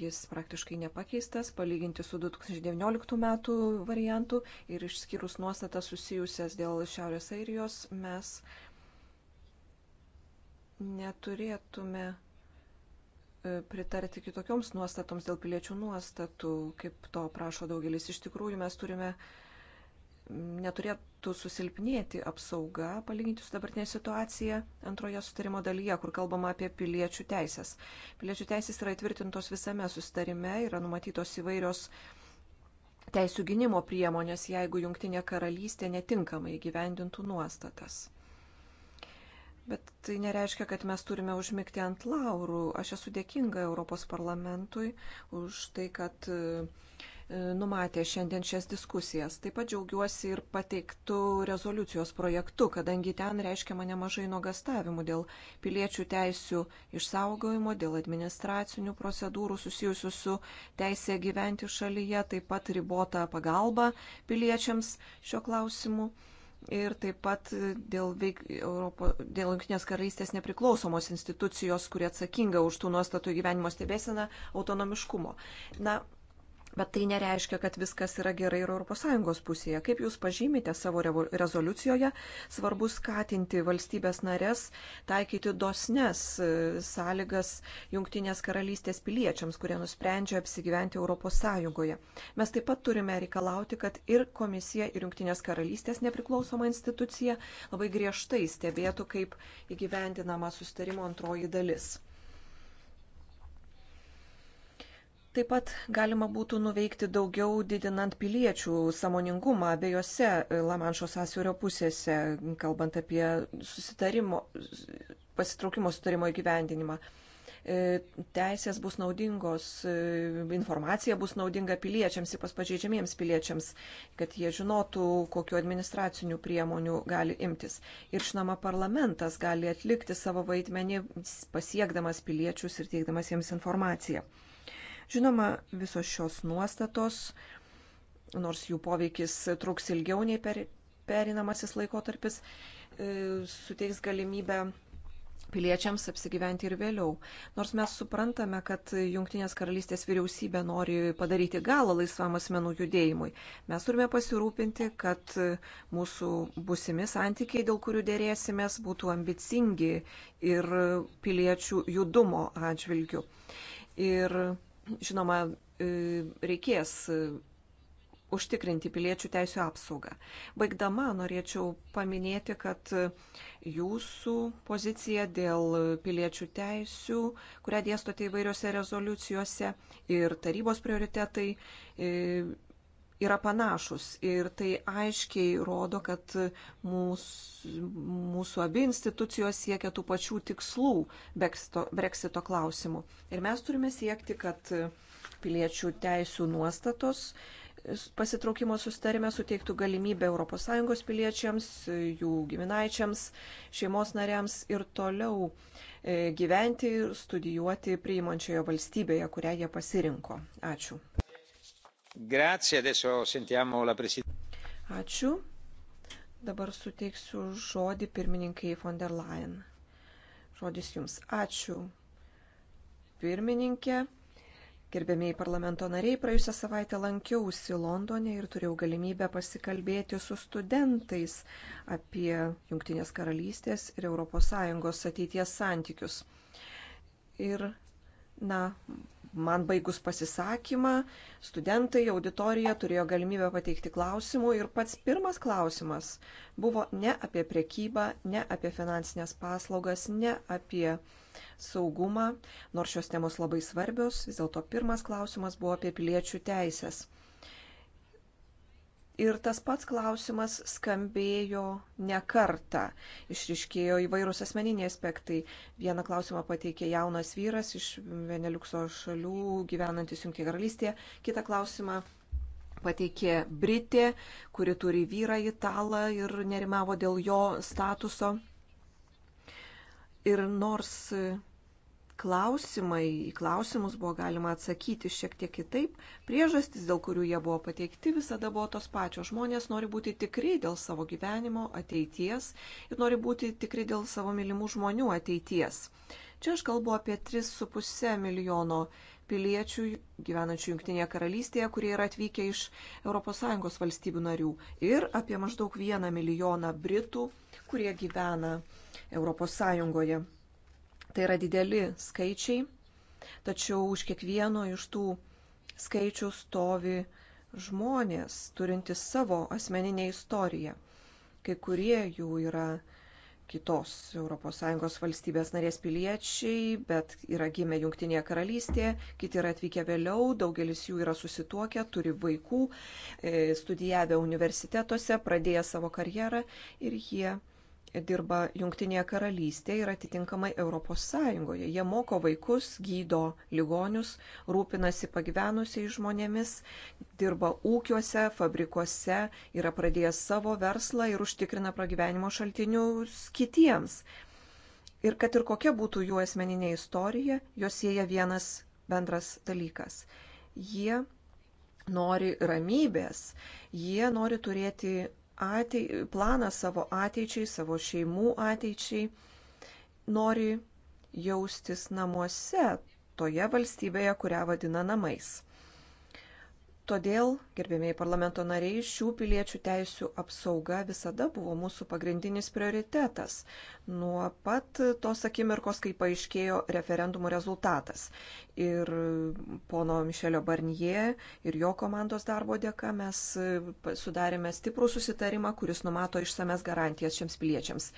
Jis praktiškai nepakeistas, palyginti su 2019 metų variantu ir išskyrus nuostatas susijusias dėl Šiaurės Airijos, mes neturėtume e, pritarti kitokioms nuostatoms dėl piliečių nuostatų, kaip to prašo daugelis. Iš tikrųjų, mes turime, neturėtų susilpnėti apsauga, palyginti su dabartinė situacija antroje sutarimo dalyje, kur kalbama apie piliečių teisės. Piliečių teisės yra įtvirtintos visame sutarime, yra numatytos įvairios teisų gynimo priemonės, jeigu Junktinė karalystė netinkamai gyvendintų nuostatas. Bet tai nereiškia, kad mes turime užmigti ant laurų. Aš esu dėkinga Europos parlamentui už tai, kad e, numatė šiandien šias diskusijas. Taip pat džiaugiuosi ir pateiktų rezoliucijos projektu, kadangi ten reiškia mane mažai nuogastavimų dėl piliečių teisių išsaugojimo, dėl administracinių procedūrų susijusių su teisė gyventi šalyje, taip pat ribota pagalba piliečiams šio klausimu ir taip pat dėl, veik, Europo, dėl Junktinės karalystės nepriklausomos institucijos, kurie atsakinga už tų nuostatų gyvenimo stebėseną, autonomiškumo. Na, Bet tai nereiškia, kad viskas yra gerai ir ES pusėje. Kaip Jūs pažymite savo rezoliucijoje, svarbu skatinti valstybės narės taikyti dosnes e, sąlygas Junktinės karalystės piliečiams, kurie nusprendžia apsigyventi ES. Mes taip pat turime reikalauti, kad ir komisija, ir Junktinės karalystės nepriklausoma institucija labai griežtai stebėtų, kaip įgyvendinama sustarimo antroji dalis. Taip pat galima būtų nuveikti daugiau didinant piliečių samoningumą abiejose e, Lamanšo sąsiaurio pusėse, kalbant apie susitarimo, pasitraukimo sutarimo įgyvendinimą. E, teisės bus naudingos, e, informacija bus naudinga piliečiams, ypač pažeidžiamiems piliečiams, kad jie žinotų, kokiu administraciniu priemonių gali imtis. Ir žinoma, parlamentas gali atlikti savo vaidmenį pasiekdamas piliečius ir teikdamas jiems informaciją. Žinoma, visos šios nuostatos, nors jų poveikis truks ilgiau nei per, perinamasis laikotarpis, e, suteiks galimybę piliečiams apsigyventi ir vėliau. Nors mes suprantame, kad Junktinės karalystės vyriausybė nori padaryti galą laisvam asmenų judėjimui, mes turime pasirūpinti, kad mūsų busimi santykiai, dėl kurių dėrėsimės, būtų ambicingi ir piliečių judumo atžvilgių. Ir žinoma, e, reikės e, užtikrinti piliečių teisų apsaugą. Baigdama norėčiau paminėti, kad jūsų pozicija dėl piliečių teisų, kurią dėstote įvairiose rezoliucijose ir tarybos prioritetai e, yra panašus ir tai aiškiai rodo, kad mūsų, mūsų abi institucijos siekia tų pačių tikslų Brexito, Brexito klausimų. Ir mes turime siekti, kad piliečių teisų nuostatos pasitraukimo sustarime suteiktų galimybę ES piliečiams, jų giminaičiams, šeimos nariams ir toliau e, gyventi ir studijuoti priimančioje valstybėje, kurią jie pasirinko. Ačiū. Grazie, adesso sentiamo la prezidentę. Ačiū. Dabar suteiksiu žodį pirmininkai von der Leyen. Žodis jums. Ačiū. Pirmininkė. Gerbėmiai parlamento nariai, praėjusią savaitę lankiausi Londone ir turėjau galimybę pasikalbėti su studentais apie Junktinės karalystės ir ES ateities santykius. Ir, na, Man baigus pasisakymą, studentai, auditorija turėjo galimybę pateikti klausimų ir pats pirmas klausimas buvo ne apie priekybą, ne apie finansinės paslaugas, ne apie saugumą, nors šios temos labai svarbios, vis dėlto pirmas klausimas buvo apie piliečių teisės. Ir tas pats klausimas skambėjo ne kartą. Išriškėjo įvairūs asmeniniai aspektai. Vieną klausimą pateikė jaunas vyras iš Veneliukso šalių gyvenantis Junktinė karalystė. Kitą klausimą pateikė Britė, kuri turi vyrą italą ir nerimavo dėl jo statuso. Ir nors klausimai, į klausimus buvo galima atsakyti šiek tiek kitaip. Priežastis, dėl kurių jie buvo pateikti, visada buvo tos pačios. Žmonės nori būti tikri dėl savo gyvenimo ateities ir nori būti tikri dėl savo mylimų žmonių ateities. Čia aš kalbu apie 3,5 milijono piliečių gyvenančių Junktinėje karalystėje, kurie yra atvykę iš ES valstybių narių ir apie maždaug 1 milijoną Britų, kurie gyvena ES. Tai yra dideli skaičiai, tačiau už kiekvieno iš tų skaičių stovi žmonės, turintys savo asmeninę istoriją. Kai kurie jų yra kitos ES valstybės narės piliečiai, bet yra gimę Junktinėje karalystėje, kiti yra atvykę vėliau, daugelis jų yra susituokę, turi vaikų, e, studijavę universitetuose, pradėję savo karjerą ir jie dirba Junktinėje karalystėje ir atitinkamai Europos Sąjungoje. Jie moko vaikus, gydo ligonius, rūpinasi pagyvenusiai žmonėmis, dirba ūkiuose, fabrikuose, yra pradėjęs savo verslą ir užtikrina pragyvenimo šaltinius kitiems. Ir kad ir kokia būtų jų asmeninė istorija, jos sieja vienas bendras dalykas. Jie nori ramybės, jie nori turėti atei, planą savo ateičiai, savo šeimų ateičiai, nori jaustis namuose toje valstybėje, kurią vadina namais. Todėl, gerbėmiai parlamento nariai, šių piliečių teisių apsauga visada buvo mūsų pagrindinis prioritetas nuo pat tos akimirkos, kai paaiškėjo referendumo rezultatas. Ir pono Mišelio Barnie ir jo komandos darbo dėka mes sudarėme stiprų susitarimą, kuris numato išsames garantijas šiems piliečiams.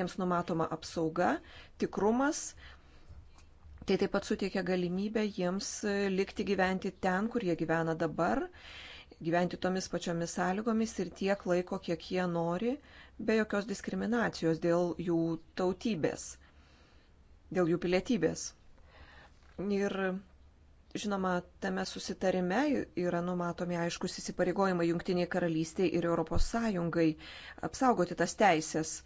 Jiems numatoma apsauga, tikrumas, Tai taip pat suteikia galimybę jiems e, likti gyventi ten, kur jie gyvena dabar, gyventi tomis pačiomis sąlygomis ir tiek laiko, kiek jie nori, be jokios diskriminacijos dėl jų tautybės, dėl jų pilietybės. Ir žinoma, tame susitarime yra numatomi aiškus įsipareigojimai Junktiniai karalystiai ir ES apsaugoti tas teisės,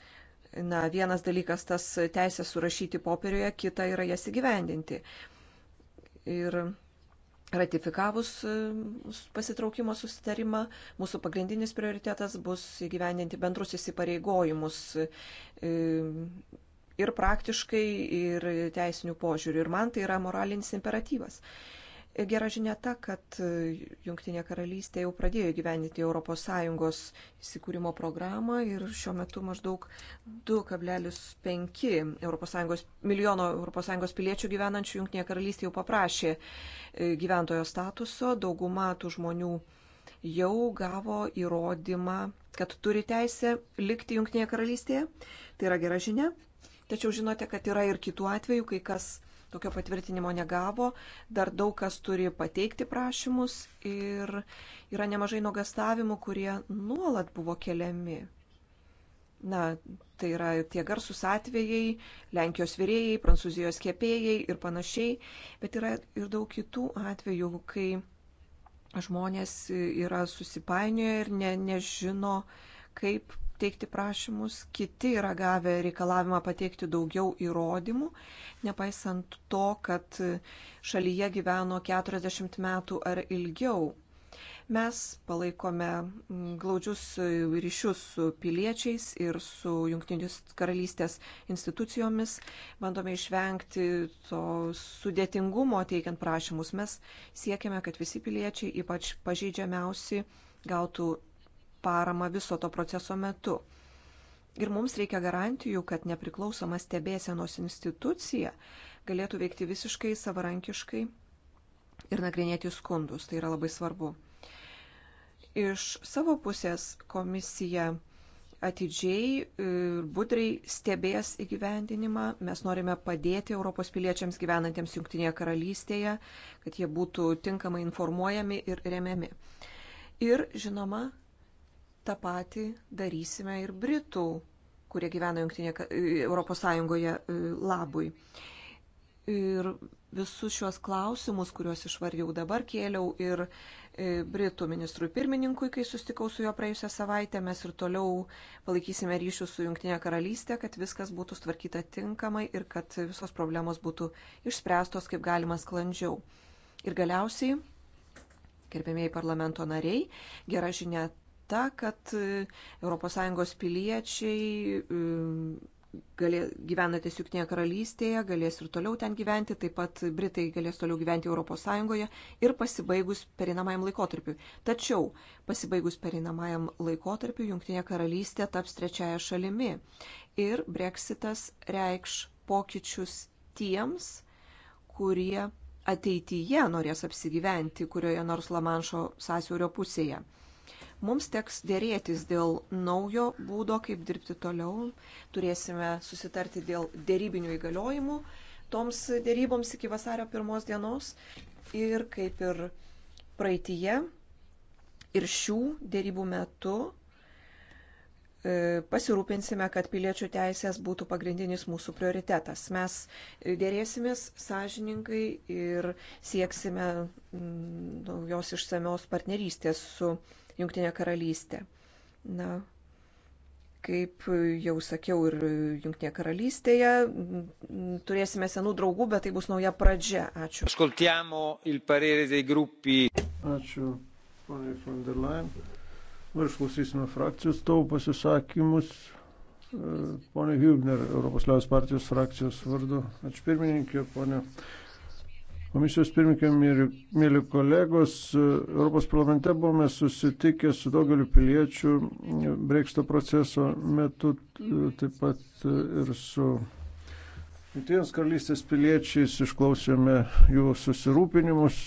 na, vienas dalykas tas teisės surašyti popieriuje, kita yra jas įgyvendinti. Ir ratifikavus e, pasitraukimo susitarimą, mūsų pagrindinis prioritetas bus įgyvendinti bendrus įsipareigojimus e, ir praktiškai, ir teisinių požiūrių. Ir man tai yra moralinis imperatyvas. Gera žinia ta, kad e, Junktinė karalystė jau pradėjo gyveninti ES įsikūrimo programą ir šiuo metu maždaug 2,5 milijono ES piliečių gyvenančių Junktinė karalystė jau paprašė e, gyventojo statuso. Dauguma tų žmonių jau gavo įrodymą, kad turi teisę likti Junktinėje karalystėje. Tai yra gera žinia. Tačiau žinote, kad yra ir kitų atvejų, kai kas tokio patvirtinimo negavo, dar daug kas turi pateikti prašymus ir yra nemažai nuogastavimų, kurie nuolat buvo keliami. Na, tai yra tie garsus atvejai, Lenkijos vyrėjai, Prancūzijos kepėjai ir panašiai, bet yra ir daug kitų atvejų, kai žmonės yra susipainioję ir ne, nežino, kaip teikti prašymus, kiti yra gavę reikalavimą pateikti daugiau įrodymų, nepaisant to, kad šalyje gyveno 40 metų ar ilgiau. Mes palaikome glaudžius ryšius su piliečiais ir su Junktinės karalystės institucijomis, bandome išvengti to sudėtingumo teikiant prašymus. Mes siekiame, kad visi piliečiai, ypač pažeidžiamiausi, gautų paramą viso to proceso metu. Ir mums reikia garantijų, kad nepriklausoma stebėsenos institucija galėtų veikti visiškai savarankiškai ir nagrinėti skundus. Tai yra labai svarbu. Iš savo pusės komisija atidžiai ir budriai stebės įgyvendinimą. Mes norime padėti Europos piliečiams gyvenantiems Junktinėje karalystėje, kad jie būtų tinkamai informuojami ir remiami. Ir, žinoma, tą patį darysime ir Britų, kurie gyvena Junktinė, e, Europos Sąjungoje e, labui. Ir visus šiuos klausimus, kuriuos išvardėjau dabar, kėliau ir e, Britų ministrui pirmininkui, kai sustikau su juo praėjusią savaitę, mes ir toliau palaikysime ryšius su Junktinė karalystė, kad viskas būtų sutvarkyta tinkamai ir kad visos problemos būtų išspręstos kaip galima sklandžiau. Ir galiausiai, gerbėmiai parlamento nariai, gera žinia ta, kad ES piliečiai e, galė, gyvenate Junktinėje karalystėje, galės ir toliau ten gyventi, taip pat Britai galės toliau gyventi ES ir pasibaigus perinamajam laikotarpiu. Tačiau pasibaigus perinamajam laikotarpiu Junktinė karalystė taps trečiaja šalimi ir breksitas reikš pokyčius tiems, kurie ateityje norės apsigyventi kurioje nors Lamanšo sąsiaurio pusėje. Mums teks dėrėtis dėl naujo būdo, kaip dirbti toliau. Turėsime susitarti dėl dėrybinių įgaliojimų toms dėryboms iki vasario pirmos dienos. Ir kaip ir praeitie, ir šių dėrybų metu e, pasirūpinsime, kad piliečių teisės būtų pagrindinis mūsų prioritetas. Mes dėrėsimės sąžininkai ir sieksime mm, naujos išsamios partnerystės su Junktinę karalystę. Na, kaip jau sakiau, ir Junktinėje karalystėje turėsime senų draugų, bet tai bus nauja pradžia. Ačiū. Ačiū, ponai von der Leyen. Dabar išklausysime frakcijų stovų pasisakymus. E, Pone Hübner, Europos Liaus partijos frakcijos vardu. Ačiū pirmininkė, ponė Komisijos pirmininkė, mėly kolegos, Europos parlamente buvome susitikę su daugeliu piliečių breiksto proceso metu, taip pat ir su Jungtinės karalystės piliečiais, išklausėme jų susirūpinimus,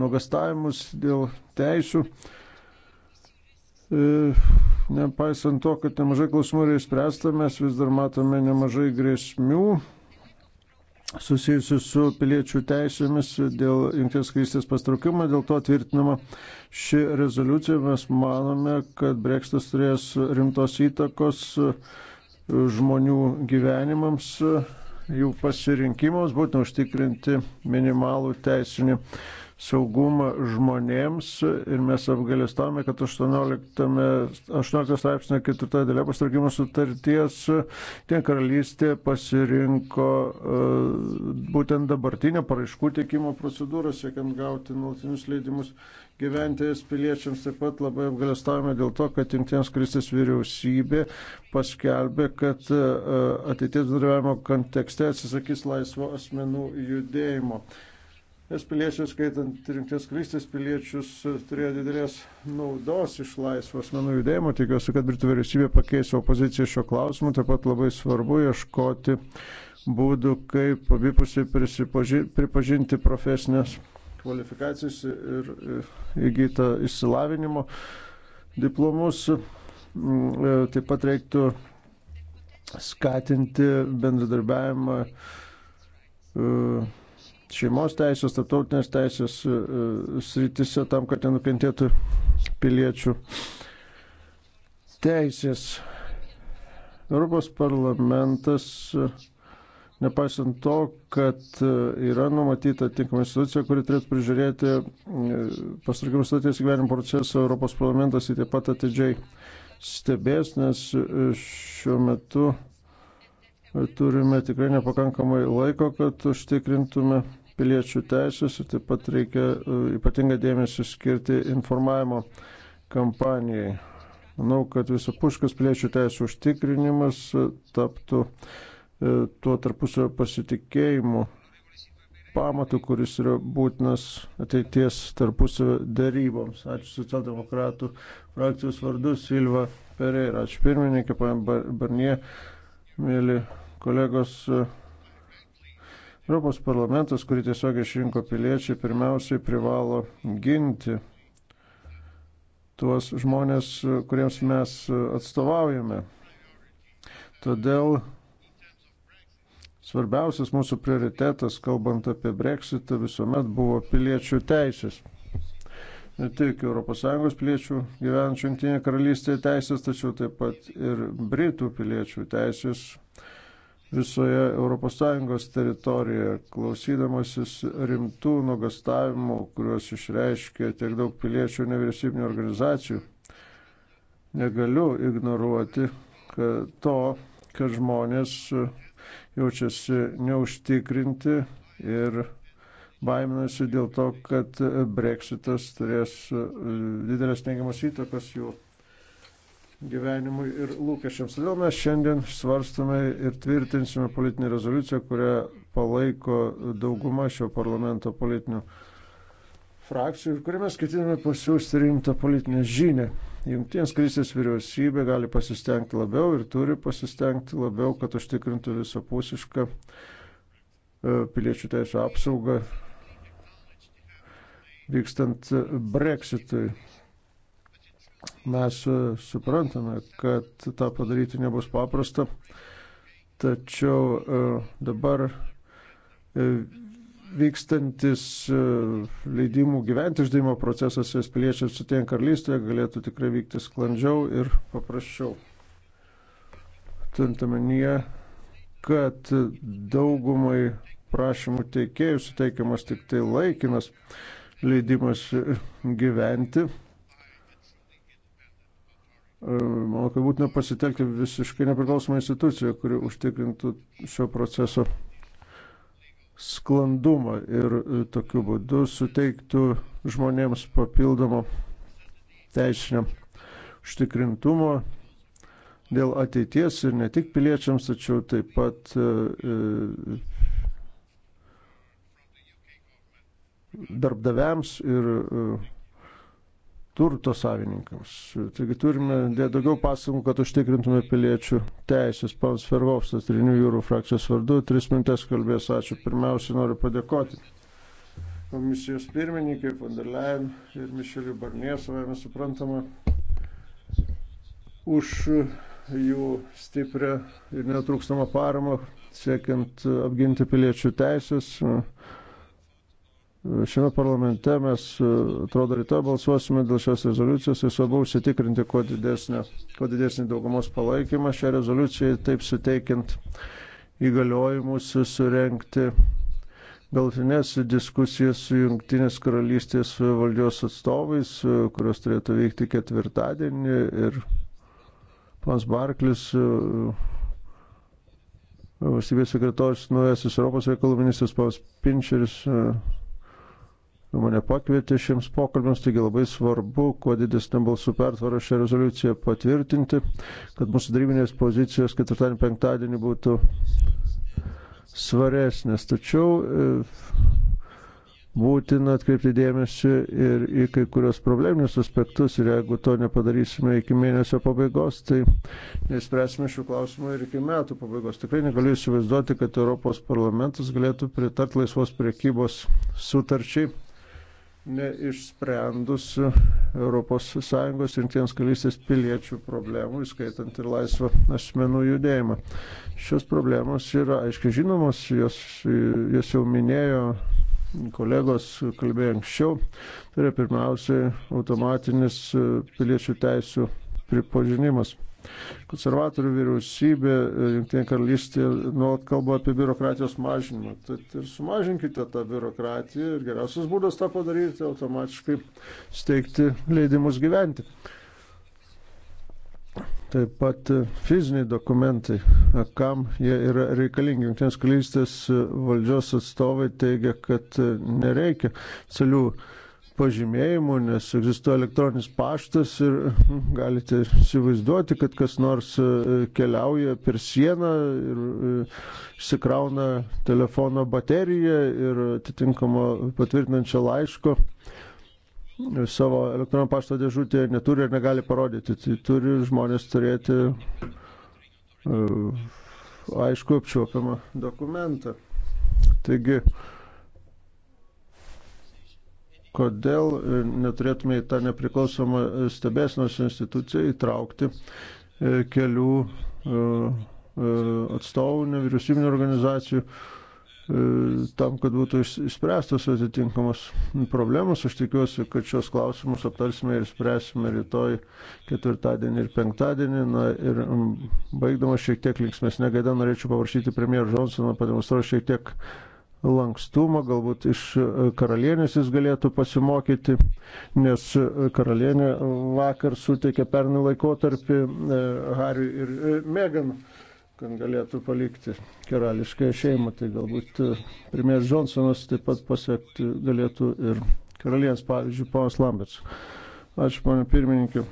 nuogastavimus dėl teisų. Nepaisant to, kad nemažai klausimų yra įspręsta, mes vis dar matome nemažai grėsmių susijusių su piliečių teisėmis dėl Junktinės karalystės pastraukimo, dėl to tvirtinama ši rezoliucija. Mes manome, kad breksitas turės rimtos įtakos žmonių gyvenimams, jų pasirinkimams, būtent užtikrinti minimalų teisinį saugumą žmonėms ir mes apgalėstame, kad 18, 18 straipsnio 4 dėlė pastraukimo sutarties tie karalystė pasirinko e, būtent dabartinę paraiškų teikimo procedūrą, siekiant gauti nuolatinius leidimus gyventojus piliečiams. Taip pat labai apgalėstame dėl to, kad Junktinės karalystės vyriausybė paskelbė, kad e, ateities dalyvavimo kontekste atsisakys laisvo asmenų judėjimo. Es piliečius, skaitant rinktinės kristės piliečius, e, turėjo didelės naudos iš laisvo asmenų judėjimo. Tikiuosi, kad Britų vyriausybė pakeis savo poziciją šio klausimu. Taip pat labai svarbu ieškoti būdų, kaip abipusiai pripažinti profesinės kvalifikacijas ir e, įgytą išsilavinimo diplomus. Mm, e, taip pat reiktų skatinti bendradarbiavimą šeimos teisės, tarptautinės teisės e, e, sritise tam, kad nenukentėtų piliečių teisės. Europos parlamentas, e, nepaisant to, kad yra numatyta tinkama institucija, kuri turėtų prižiūrėti pastarkimus statės gyvenimo procesą, Europos parlamentas jį taip pat atidžiai stebės, nes šiuo metu turime tikrai nepakankamai laiko, kad užtikrintume piliečių teisės ir taip pat reikia e, ypatingą dėmesį skirti informavimo kampanijai. Manau, kad visapuškas piliečių teisų užtikrinimas e, taptų e, tuo tarpusio pasitikėjimu pamatu, kuris yra būtinas ateities tarpusio daryboms. Ačiū socialdemokratų frakcijos vardu Silva Pereira. Ačiū pirmininkė, pan Barnie, mėly kolegos. Europos parlamentas, kurį tiesiog išrinko piliečiai, pirmiausiai privalo ginti tuos žmonės, kuriems mes atstovaujame. Todėl svarbiausias mūsų prioritetas, kalbant apie breksitą, visuomet buvo piliečių teisės. Ne tik ES piliečių gyvenančių Junktinėje karalystėje teisės, tačiau taip pat ir Britų piliečių teisės, visoje ES teritorijoje, klausydamasis rimtų nuogastavimų, kuriuos išreiškia tiek daug piliečių nevyriausybinio organizacijų, negaliu ignoruoti kad to, kad žmonės jaučiasi neužtikrinti ir baiminasi dėl to, kad breksitas turės e, didelės neigiamas įtakas jų gyvenimui ir lūkesčiams. Todėl mes šiandien svarstame ir tvirtinsime politinę rezoliuciją, kurią palaiko dauguma šio parlamento politinių frakcijų ir kuriame skaitiname pasiūsti rimtą politinę žinę. Junktinės krysės vyriausybė gali pasistengti labiau ir turi pasistengti labiau, kad užtikrintų visapusišką e, piliečių teisų apsaugą vykstant breksitui. Mes e, suprantame, kad tą padaryti nebus paprasta, tačiau e, dabar e, vykstantis leidimų gyventi išdavimo procesas es piliečiams su tien karlystėje galėtų tikrai vykti sklandžiau ir paprasčiau. Tuntamenyje, kad daugumai prašymų teikėjų suteikiamas tik tai laikinas leidimas gyventi E, manau, kad būtina pasitelkti visiškai nepriklausomą instituciją, kuri užtikrintų šio proceso sklandumą ir e, tokiu būdu suteiktų žmonėms papildomo teisinio užtikrintumo dėl ateities ir ne tik piliečiams, tačiau taip pat e, darbdaviams ir turto savininkams. Taigi turime dėti daugiau pasakų, kad užtikrintume piliečių teisės. Pans Fervovstas, Trinių jūrų frakcijos vardu, tris mintes kalbės. Ačiū. Pirmiausia, noriu padėkoti komisijos pirmininkai, Fonderlein ir Mišeliu Barnie, savame suprantama, už jų stiprią ir netrūkstamą paramą siekiant apginti piliečių teisės. Uh, Šiame parlamente mes, e, atrodo, rytoj balsuosime dėl šios rezoliucijos ir svarbu užsitikrinti kuo, didesnė, kuo didesnį daugumos palaikymą šią rezoliuciją, taip suteikiant įgaliojimus surenkti galtinės diskusijas su Junktinės karalystės valdžios atstovais, e, kurios turėtų vykti ketvirtadienį ir Pons Barklis, e, valstybės sekretorius, naujasis Europos reikalų ministras Pons Pinčeris mane pakvietė šiems pokalbėms, taigi labai svarbu, kuo didesnė balsų pertvara šią rezoliuciją patvirtinti, kad mūsų darybinės pozicijos ketvirtadienį, penktadienį būtų svaresnės. Tačiau e, būtina atkreipti dėmesį ir į kai kurios probleminius aspektus ir jeigu to nepadarysime iki mėnesio pabaigos, tai neįspręsime šių klausimų ir iki metų pabaigos. Tikrai negaliu įsivaizduoti, kad Europos parlamentas galėtų pritart laisvos priekybos sutarčiai neišsprendus ES rinktinės karalystės piliečių problemų, įskaitant ir laisvą asmenų judėjimą. Šios problemos yra aiškiai žinomos, jos, jas jau minėjo kolegos, kalbėjo anksčiau. Tai yra pirmiausiai automatinis piliečių teisų pripažinimas. Konservatorių vyriausybė e, Junktinė karalystė nuolat kalba apie biurokratijos mažinimą. Tad ir sumažinkite tą biurokratiją ir geriausias būdas tą padaryti - automatiškai steigti leidimus gyventi. Taip pat e, fiziniai dokumentai, kam jie yra reikalingi. Junktinės karalystės e, valdžios atstovai teigia, kad nereikia celių pažymėjimų, nes egzistuoja elektroninis paštas ir galite įsivaizduoti, kad kas nors e, keliauja per sieną ir e, sikrauna telefono bateriją ir atitinkamo patvirtinančio laiško savo elektroninio pašto dėžutėje neturi ir negali parodyti. Tai turi žmonės turėti e, aišku apčiuopiamą dokumentą. Taigi, kodėl e, neturėtume į tą nepriklausomą e, stebėsnos instituciją įtraukti e, kelių atstovų nevyriausybinio organizacijų tam, kad būtų išspręstos atitinkamos problemos. Aš tikiuosi, kad šios klausimus aptarsime ir spręsime rytoj, ketvirtadienį ir penktadienį. Na ir baigdamas šiek tiek linksmės negaidą, norėčiau paprašyti premjerą Johnsoną pademonstruoti šiek tiek lankstumą, galbūt iš e, karalienės jis galėtų pasimokyti, nes e, karalienė vakar suteikė pernį laikotarpį e, Hariui ir Megan, kad galėtų palikti karališkąją šeimą. Tai galbūt premjeras Johnsonas taip pat pasiekti galėtų ir karalienės, pavyzdžiui, Paulas Lamberts. Ačiū, ponė pirmininkė.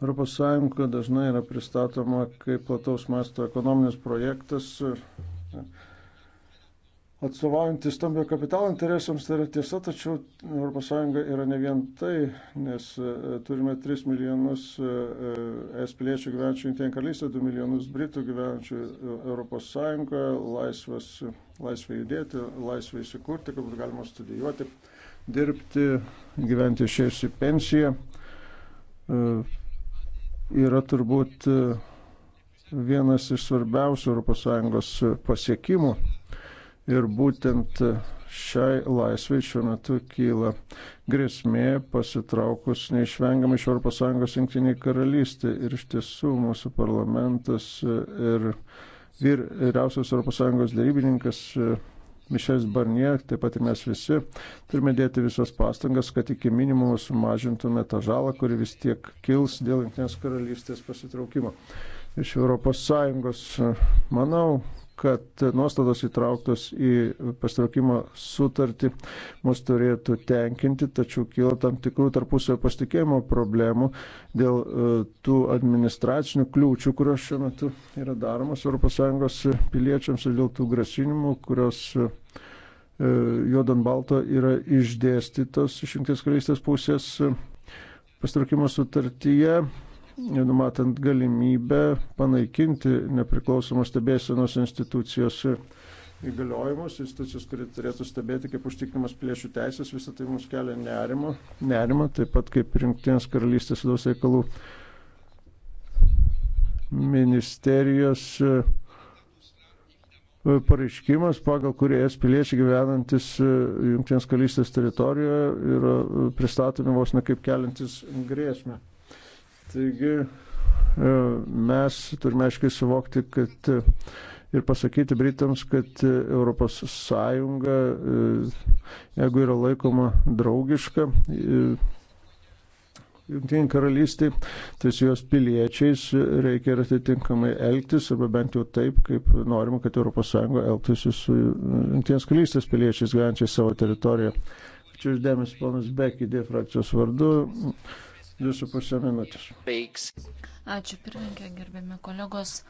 Europos Sąjunga dažnai yra pristatoma kaip plataus masto ekonominis projektas atstovaujantis stambio kapitalo interesams, tai yra tiesa, tačiau ES yra ne vien tai, nes e, turime 3 milijonus e, e, es piliečių gyvenančių Junktinė karalystė, 2 milijonus Britų gyvenančių ES, laisvės, laisvė judėti, laisvė įsikurti, kad būtų galima studijuoti, dirbti, gyventi išėjus į pensiją. Yra turbūt vienas iš svarbiausių ES pasiekimų Ir būtent šiai laisvai šiuo metu kyla grėsmė pasitraukus neišvengiamai iš ES jungtiniai karalystė. Ir iš tiesų mūsų parlamentas ir vyriausias ES darybininkas Mišelis Barnie, taip pat ir mes visi, turime dėti visas pastangas, kad iki minimumo sumažintume tą žalą, kuri vis tiek kils dėl Junktinės karalystės pasitraukimo. Iš ES manau, kad nuostatos įtrauktos į pastraukimo sutartį mus turėtų tenkinti, tačiau kyla tam tikrų tarpusio pasitikėjimo problemų dėl e, tų administracinių kliūčių, kurios šiuo metu yra daromos ES piliečiams ir dėl tų grasinimų, kurios e, juodant balto yra išdėstytos iš Junktinės karalystės pusės e, pastraukimo sutartyje numatant galimybę panaikinti nepriklausomos stebėsenos institucijos įgaliojimus, institucijos, kurie turėtų stebėti, kaip užtikrimas piliečių teisės, visą tai mums kelia nerimo, nerimo taip pat kaip rinktinės karalystės vidaus reikalų ministerijos e, pareiškimas, pagal kurį es piliečiai gyvenantis e, Junktinės karalystės teritorijoje yra e, pristatomi vos ne kaip keliantis grėsmę. Taigi e, mes turime aiškiai suvokti, kad e, ir pasakyti Britams, kad e, Europos Sąjunga, jeigu yra laikoma draugiška, Junktinė karalystė, tai su jos piliečiais reikia ir atitinkamai elgtis, arba bent jau taip, kaip norima, kad ES elgtųsi su Junktinės karalystės piliečiais gyvenčiais savo teritoriją. Ačiū uždėmesi, ponas Bekidė, frakcijos vardu. 2,5 minutės. Ačiū pirmininkė, gerbiami kolegos.